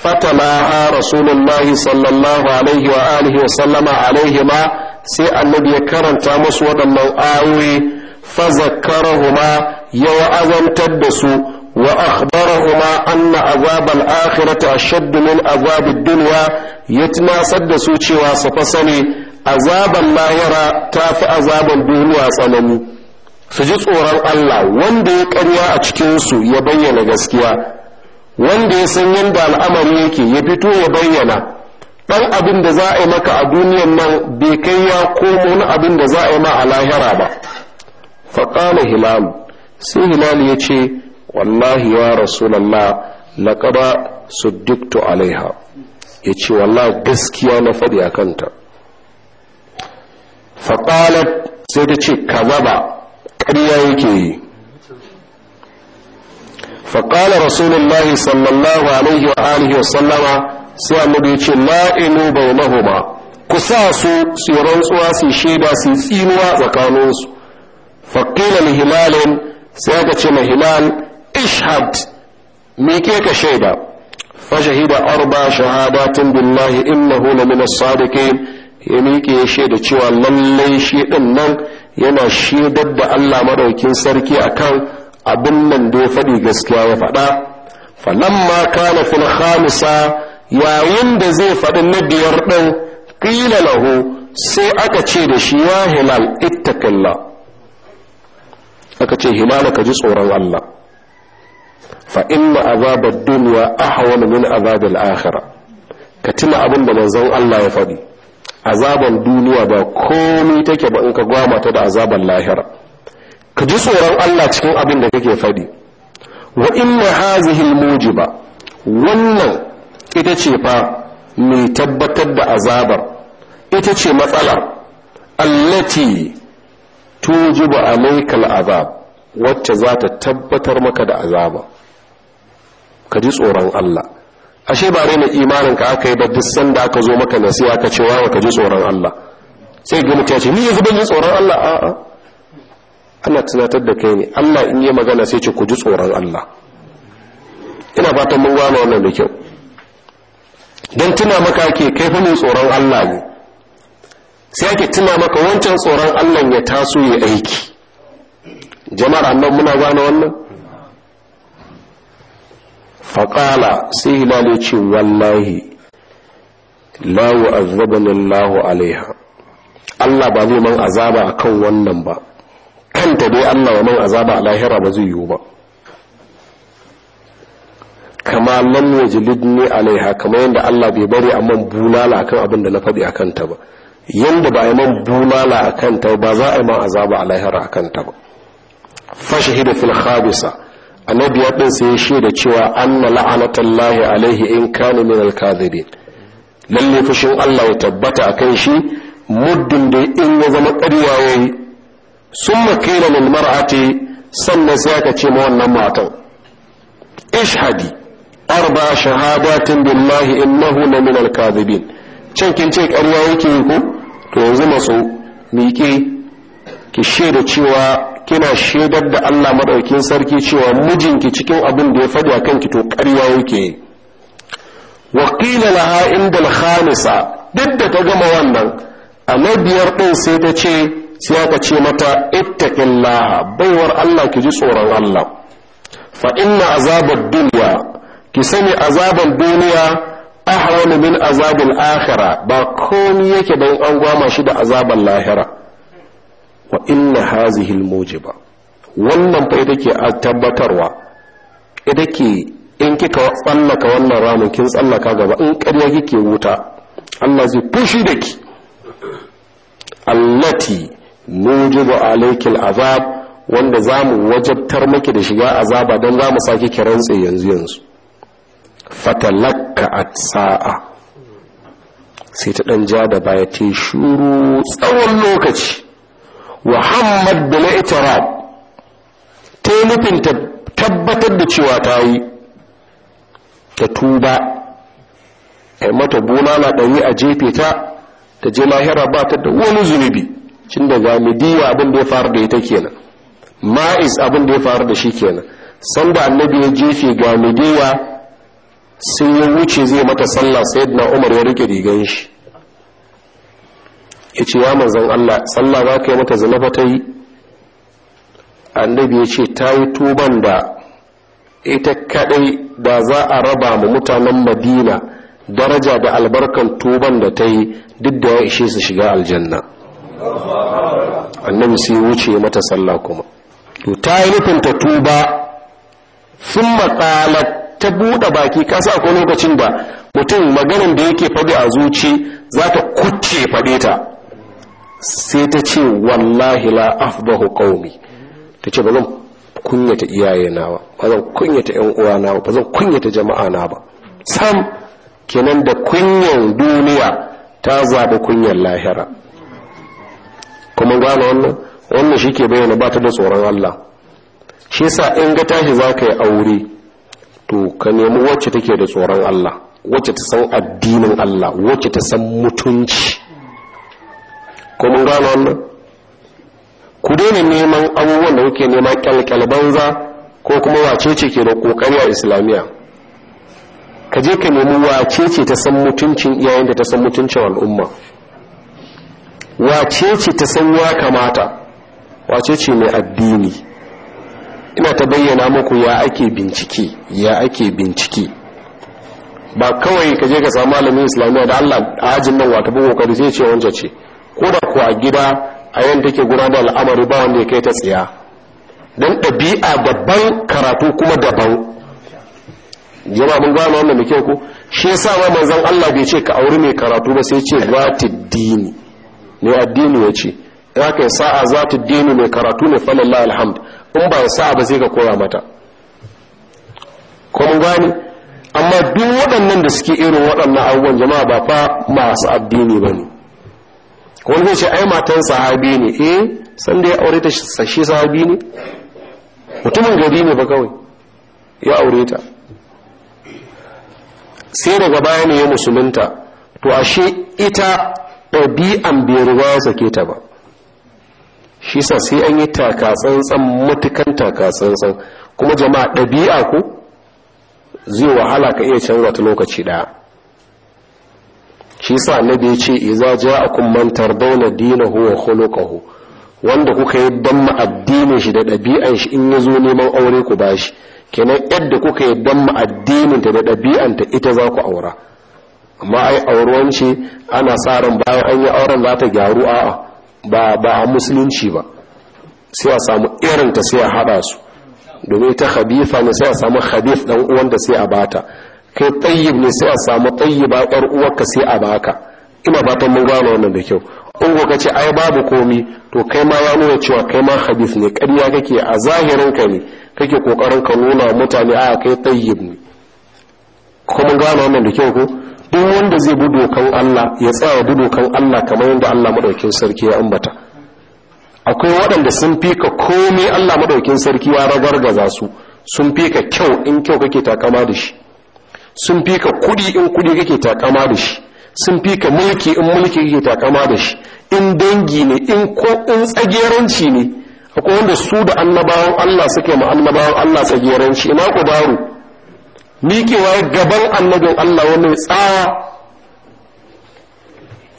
fatalaha rasulullahi sallallahu alaihi wa wa sallama alaihi sai annabi ya karanta musu waɗannan ayoyi fa zakkarahuma ya wa'azantar da su wa akhbarahuma anna azabal akhirati ashaddu min azabid ya yatna sadda su cewa su sani azaban lahira ta fi azaban duniya tsanani su ji tsoron Allah wanda ya karya a cikinsu ya bayyana gaskiya wanda ya san yadda al'amari yake ya fito ya bayyana ɗan abin da za a yi maka a duniyan nan bai kai ya komo na abin da za a yi ma a lahira ba faƙala hilal sai hilal ya ce wallahi ya rasulallah laƙaba suddiktu alaiha ya ce wallahi gaskiya na faɗi a kanta faƙalar sai ta ce kazaba ƙarya yake yi faƙalar rasulullahi sallallahu alaihi wa alihi wa sallama sai annabi ya ce la'inu ba. ku sa su su rantsuwa su shaida su tsinuwa tsakaninsu faƙila lihilalin sai aka ce mahilal ishad ke ka shaida fashahida arba shahadatin billahi innahu lamina sadiqin ya miƙe ya shaida cewa lallai shi ɗin nan yana shaidar da Allah maɗaukin sarki akan abin nan da ya faɗi gaskiya ya faɗa ma kana fil khamisa yayin da zai faɗi na biyar ɗin qila lahu sai aka ce da shi ya hilal ittaqillah aka ce hilal ka ji tsoron Allah fa inna azabad dunya ahwan min azabil akhirah ka tuna abin da manzon Allah ya faɗi azaban duniya ba komai take ba in ka gwama ta da azaban lahira ka ji tsoron Allah cikin abin da kake faɗi wa inna hazihi almujiba wannan ita ce fa mai tabbatar da azabar ita ce matsalar allati tujibu alayka al'azab wacce za ta tabbatar maka da azaba ka ji tsoron Allah ashe ba raina imanin ka aka yi ba duk sanda aka zo maka nasiha ka cewa wa ka ji tsoron Allah sai ga mutum ya ce ni yanzu ban ji tsoron Allah a'a ana tunatar da kai ne Allah in yi magana sai ce ku ji tsoron Allah ina fatan mun gano wannan da kyau don tuna maka ke kai fa mai tsoron Allah ne sai ake tuna maka wancan tsoron Allah ya taso ya aiki jama'ar nan muna gano wannan faƙala sai hilali ya ce wallahi lawo azabani lahu alaiha Allah ba zai man azaba kan wannan ba kanta dai Allah wa man azaba a lahira ba zai yiwu ba kama lam yajlidni alaiha kama yadda Allah bai bari a man bulala akan abin da na faɗi a kanta ba yadda ba a man bulala a kanta ba za a yi man azaba a lahira a kanta ba fashahida fil khabisa annabi ya din sai shi da cewa anna la'anatullahi alaihi in kana min al lalle fushin Allah ya tabbata akan shi muddin da in ya zama ƙarya sun summa qila lil mar'ati sannan sai aka ce ma wannan matan Ishadi. arba shahadatin billahi innahu la min al can kin ce ƙarya yake ko to yanzu maso miƙe ki shaida cewa kina shaidar da Allah madaukin sarki cewa mijinki cikin abin da ya faɗi akan ki to ƙarya yake wa qila laha inda al-khamisa duk da ta gama wannan a na ɗin sai ta ce sai aka ce mata ittaqillaha baiwar Allah ki ji tsoron Allah fa inna azabad dunya ki sani azaban duniya ahramu min azabil akhirah ba komai yake dan an gwama shi da azabar lahira wa inna hazihi almujiba wannan fa ita ke tabbatarwa ita ke in kika tsallaka wannan ramin kin tsallaka gaba in ƙarya kike wuta Allah zai fushi da ki allati mujibu alaikil azab wanda zamu wajabtar miki da shiga azaba dan zamu saki ki rantse yanzu yanzu at sa'a sai ta dan ja da baya ta shuru tsawon lokaci wa hammad bil ta yi nufin tabbatar da cewa ta yi ta tuba ai mata na ɗari a jefe ta ta je lahira ba ta da wani zunubi cin da gamidiya abin da ya faru da ita kenan ma'iz abin da ya faru da shi kenan sanda annabi ya jefe gamidiya sai ya wuce zai mata sallah sai sayyidina umar ya rike rigan shi ya ce ya manzan Allah sallah ba ka yi mata zina ba ta yi annabi ya ce ta yi tuban da ita kadai da za a raba mu mutanen madina daraja da albarkan tuban da ta yi duk da ya ishe su shiga aljanna annabi sai wuce mata sallah kuma to ta yi nufin ta tuba sun matsala ta buɗe baki kasa ko lokacin da mutum maganin da yake faɗi a zuci za ta kucce faɗe ta sai ta ce wallahi la afbahu qaumi ta ce ba kunyata iyayena ba ba kunyata yan uwa na ba ba kunyata jama'a na ba sam kenan da kunyan duniya ta zaɓi kunyan lahira kuma gane wannan wannan shi ke bayyana ba ta da tsoron Allah shi yasa in ga tashi za ka yi aure to ka nemi wacce take da tsoron Allah wacce ta san addinin Allah wacce ta san mutunci ko mun gano wannan ku daina neman abubuwan da kuke nema kyalkyal banza ko kuma wace ce ke da kokari a islamiyya ka je ka nemi wace ce ta san mutuncin iyayen da ta san mutuncin al'umma wace ce ta san ya kamata wace ce mai addini ina ta bayyana muku ya ake bincike ya ake bincike ba kawai ka je ka samu malamin islamiyya da allah a ajin nan wata bugu kadi sai ce wancan ce ko da ko a gida a yan take gudanar da al'amari ba wanda ya kai ta tsiya don ɗabi'a daban karatu kuma daban jama mun gano wannan da ko shi yasa ma manzon Allah bai ce ka auri mai karatu ba sai ce dini ne addini ya ce ya kai sa'a dini mai karatu ne falallahi alhamd in ba sa'a ba sai ka koya mata ko mun gane amma duk waɗannan da suke irin waɗannan abubuwan jama'a ba fa masu addini ba ne wani zai ce ai matan sahabi ne eh san da ya aure ta shi sahabi ne mutumin gari ne ba kawai ya aure ta sai daga baya ne ya musulunta to ashe ita ɗabi'an bai ruwa ya sake ta ba shi sa sai an yi takatsantsan matukan takatsantsan kuma jama'a ɗabi'a ku zai wahala ka iya canza ta lokaci ɗaya shi sa annabi ya ce iza ja'akum man dina dinahu wa khuluquhu wanda kuka yi damma addinin shi da ɗabi'an shi in zo neman aure ku bashi kenan yadda kuka yi damma addinin ta da ɗabi'an ta ita za ku aura amma ai auruwanci ana ran bayan an yi auren za ta gyaru a'a ba a musulunci ba sai a samu irin ta sai a haɗa su domin ta khabitha ne sai a samu khabif ɗan uwan da sai a bata kai tayyib ne sai a samu tayyiba yar uwarka sai a baka ina fatan mun gano wannan da kyau in ko kace ai babu komi to kai ma ya nuna cewa kai ma hadis ne ƙarya kake a zahirin ka ne kake kokarin ka nuna mutane a kai tayyib ne ko mun gano wannan da kyau ko duk wanda zai bi dokan Allah ya tsaya bi dokan Allah kamar yadda Allah madaukin sarki ya ambata akwai waɗanda sun fi komai Allah madaukin sarki ya ragargaza su sun fi kyau in kyau kake takama da shi sun fi ka kuɗi in kuɗi kake takama da shi sun fi ka mulki in mulki kake takama da shi in dangi ne in ko in tsageranci ne akwai wanda su da annabawan Allah suke ma annabawan Allah tsageranci ina ku baro waye gaban annabin Allah wani tsawa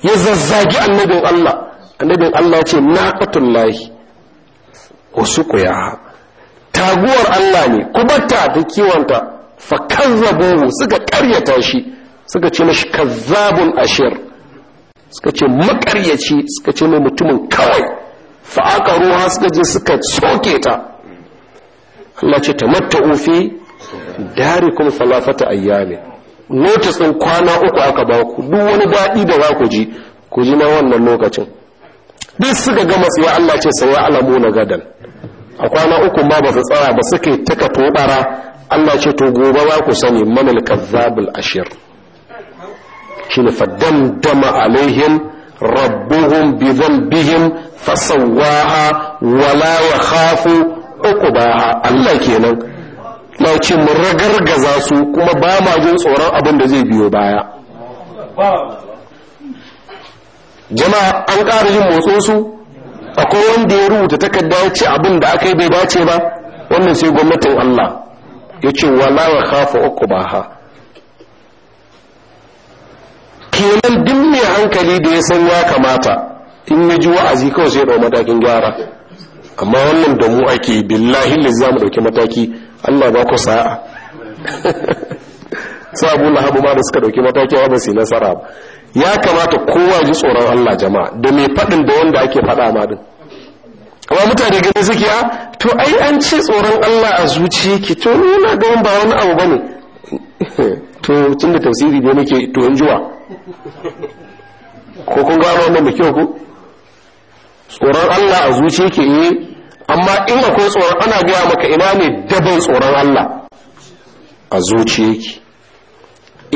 ya zazzagi annabin Allah annabin Allah ce naqatul wasu ku ya taguwar Allah ne ku batta da kiwanta. fa suka karyata shi suka ce mashi kazzabun ashir suka ce makaryaci suka ce mai mutumin kawai fa aka ruwa suka je suka soke ta Allah ce ofi dare kuma salafata ayyami notice kwana uku aka ba ku duk wani daɗi da za ku ji ku ji na wannan lokacin duk suka gama tsaye Allah ce sai alamu na gadan a kwana uku ma ba su tsara ba suke taka tobara Allah ce to gobe ba ku sani manal kazzabul ashir shine dama alaihim rabbuhum bi dhanbihim fasawaha wala yakhafu uqbaha Allah kenan ya ce mu ragargaza su kuma ba ma jin tsoron abin da zai biyo baya jama'a an ƙara jin motsin su akwai wanda ya rubuta takarda ya ce abin da aka yi bai dace ba wannan sai gwamnatin Allah ya ce wala ya kafa uku ba ha kenan duk mai hankali da ya san ya kamata in ya ji wa'azi kawai sai ya matakin gyara amma wannan da mu ake billahi da za mu ɗauki mataki allah ba ku sa'a sabu habu ma da suka dauki mataki ba su yi nasara ba ya kamata kowa ji tsoron allah jama'a da mai faɗin da wanda ake faɗa ma din wa mutane gani suke a ah, to ai an ce tsoron Allah a zuci ki to na ga ba wani abu bane to tunda tafsiri ne nake to an juwa ko kun ga wannan da kyau ku tsoron Allah a zuci ke yi eh. amma in akwai tsoron ana gaya maka ina ne daban tsoron Allah a zuci yake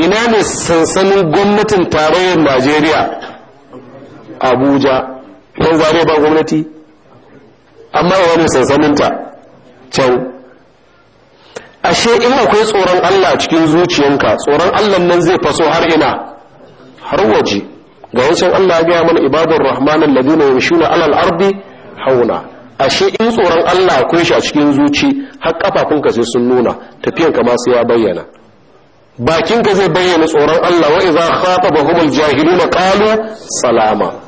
ina ne sansanin gwamnatin tarayyar Najeriya Abuja yan zare ba gwamnati amma ya wani sansaninta kyau? ashe in akwai tsoron Allah a cikin zuciyanka tsoron Allah nan zai faso har ina har waje ga wancan Allah ya gaya mana ibadar rahmanin ladina yamshuna alal ardi hauna ashe in tsoron Allah akwai shi a cikin zuci har kafafunka sai sun nuna tafiyanka ma sai ya bayyana bakinka zai bayyana tsoron Allah wa idza khatabahum aljahiluna qalu salama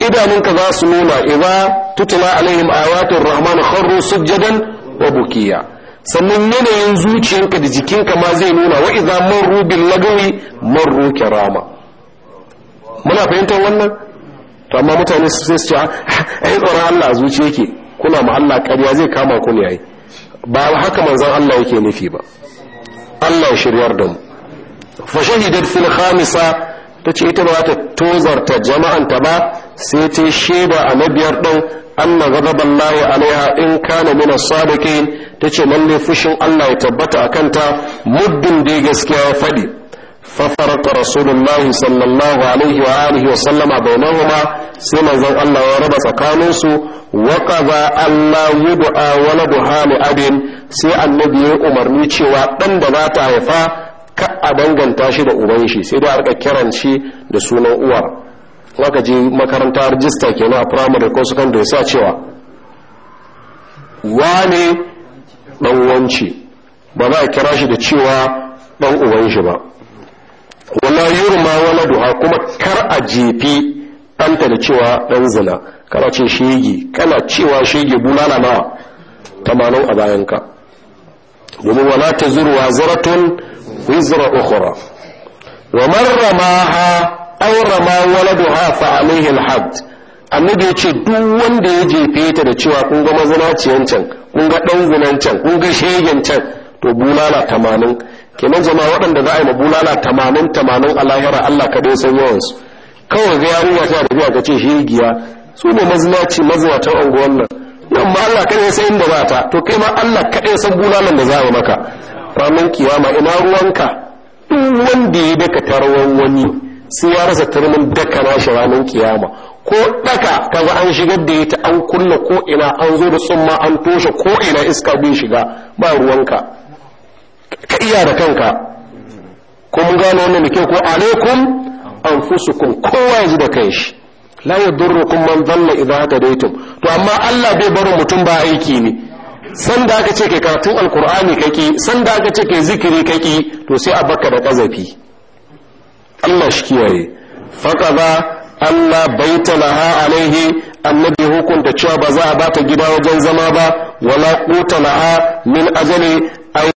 idanunka za su nuna idza tutla alaihim ayatul rahman kharru sujadan wa bukiya sannan yanayin zuciyarka da jikinka ma zai nuna wa idan marru bil lagawi marru kirama muna fahimtar wannan to amma mutane su sai su ce ah, ai tsoron Allah zuciya yake kuna ma Allah kariya zai kama ku ne ai ba haka manzon Allah yake nufi ba Allah ya shiryar da mu fa shahidat fil khamisa ta ce ita ba ta tozarta jama'anta ba sai ta shaida a mabiyar ɗin anna gaba laye alaiha in kana mina sadaki ta ce lalle fushin allah ya tabbata a kanta muddin da ya gaskiya ya faɗi fafarta rasulullah sallallahu alaihi wa alihi wa sallama ba sai zan allah ya raba tsakanin su wa allah yud'a wa wani hali abin sai annabi ya umarni cewa dan da za ta haifa ka a danganta shi da uban shi sai dai a rika kiran shi da sunan uwar ka je makaranta rajista kenan a primary ko secondary sa cewa wane dan wanci ba za a kira shi da cewa dan uban shi ba wala yurma waladuha kuma kar a jefi ɗanta da cewa ɗan zina kana ce shege kana cewa shege bulala nawa tamanin a bayanka domin wala ta zuruwa zaratun وزر أخرى ومن رماها أو رما ولدها فعليه الحد annabi ya ce duk wanda ya jefe ta da cewa kun ga mazinaciyan can kun ga ɗan zinan can kun ga shegen can to bulala tamanin kenan zama waɗanda za a yi ma bulala tamanin tamanin a lahira allah kaɗai san yawansu kawai ga yarinya ta tafiya ka ce shegiya su ne mazinaci mazinatan unguwan nan nan ma allah kadai san inda za ta to kai ma allah kaɗai san bulalan da za a yi maka ranar kiyama ina ruwanka duk wanda ya daka tarwan wani sai ya rasa turmin daka nashi ranar kiyama ko daka kaga an shigar da ta an kulle ko ina an zo da tsumma an toshe ko ina iska bin shiga ba ruwanka ka iya da kanka mun gano wannan da kyau ko alaikum anfusukum kowa ya ji da kanshi la yadurrukum man dhalla idza hadaytum to amma Allah bai bar mutum ba aiki ne sanda aka ce kai karatun alkur'ani kake sanda aka ce kai zikiri kake to sai a baka da kazafi Allah shi kiyaye faqada Allah baita laha alaihi annabi hukunta cewa ba za a bata gida wajen zama ba wala qutala min ajali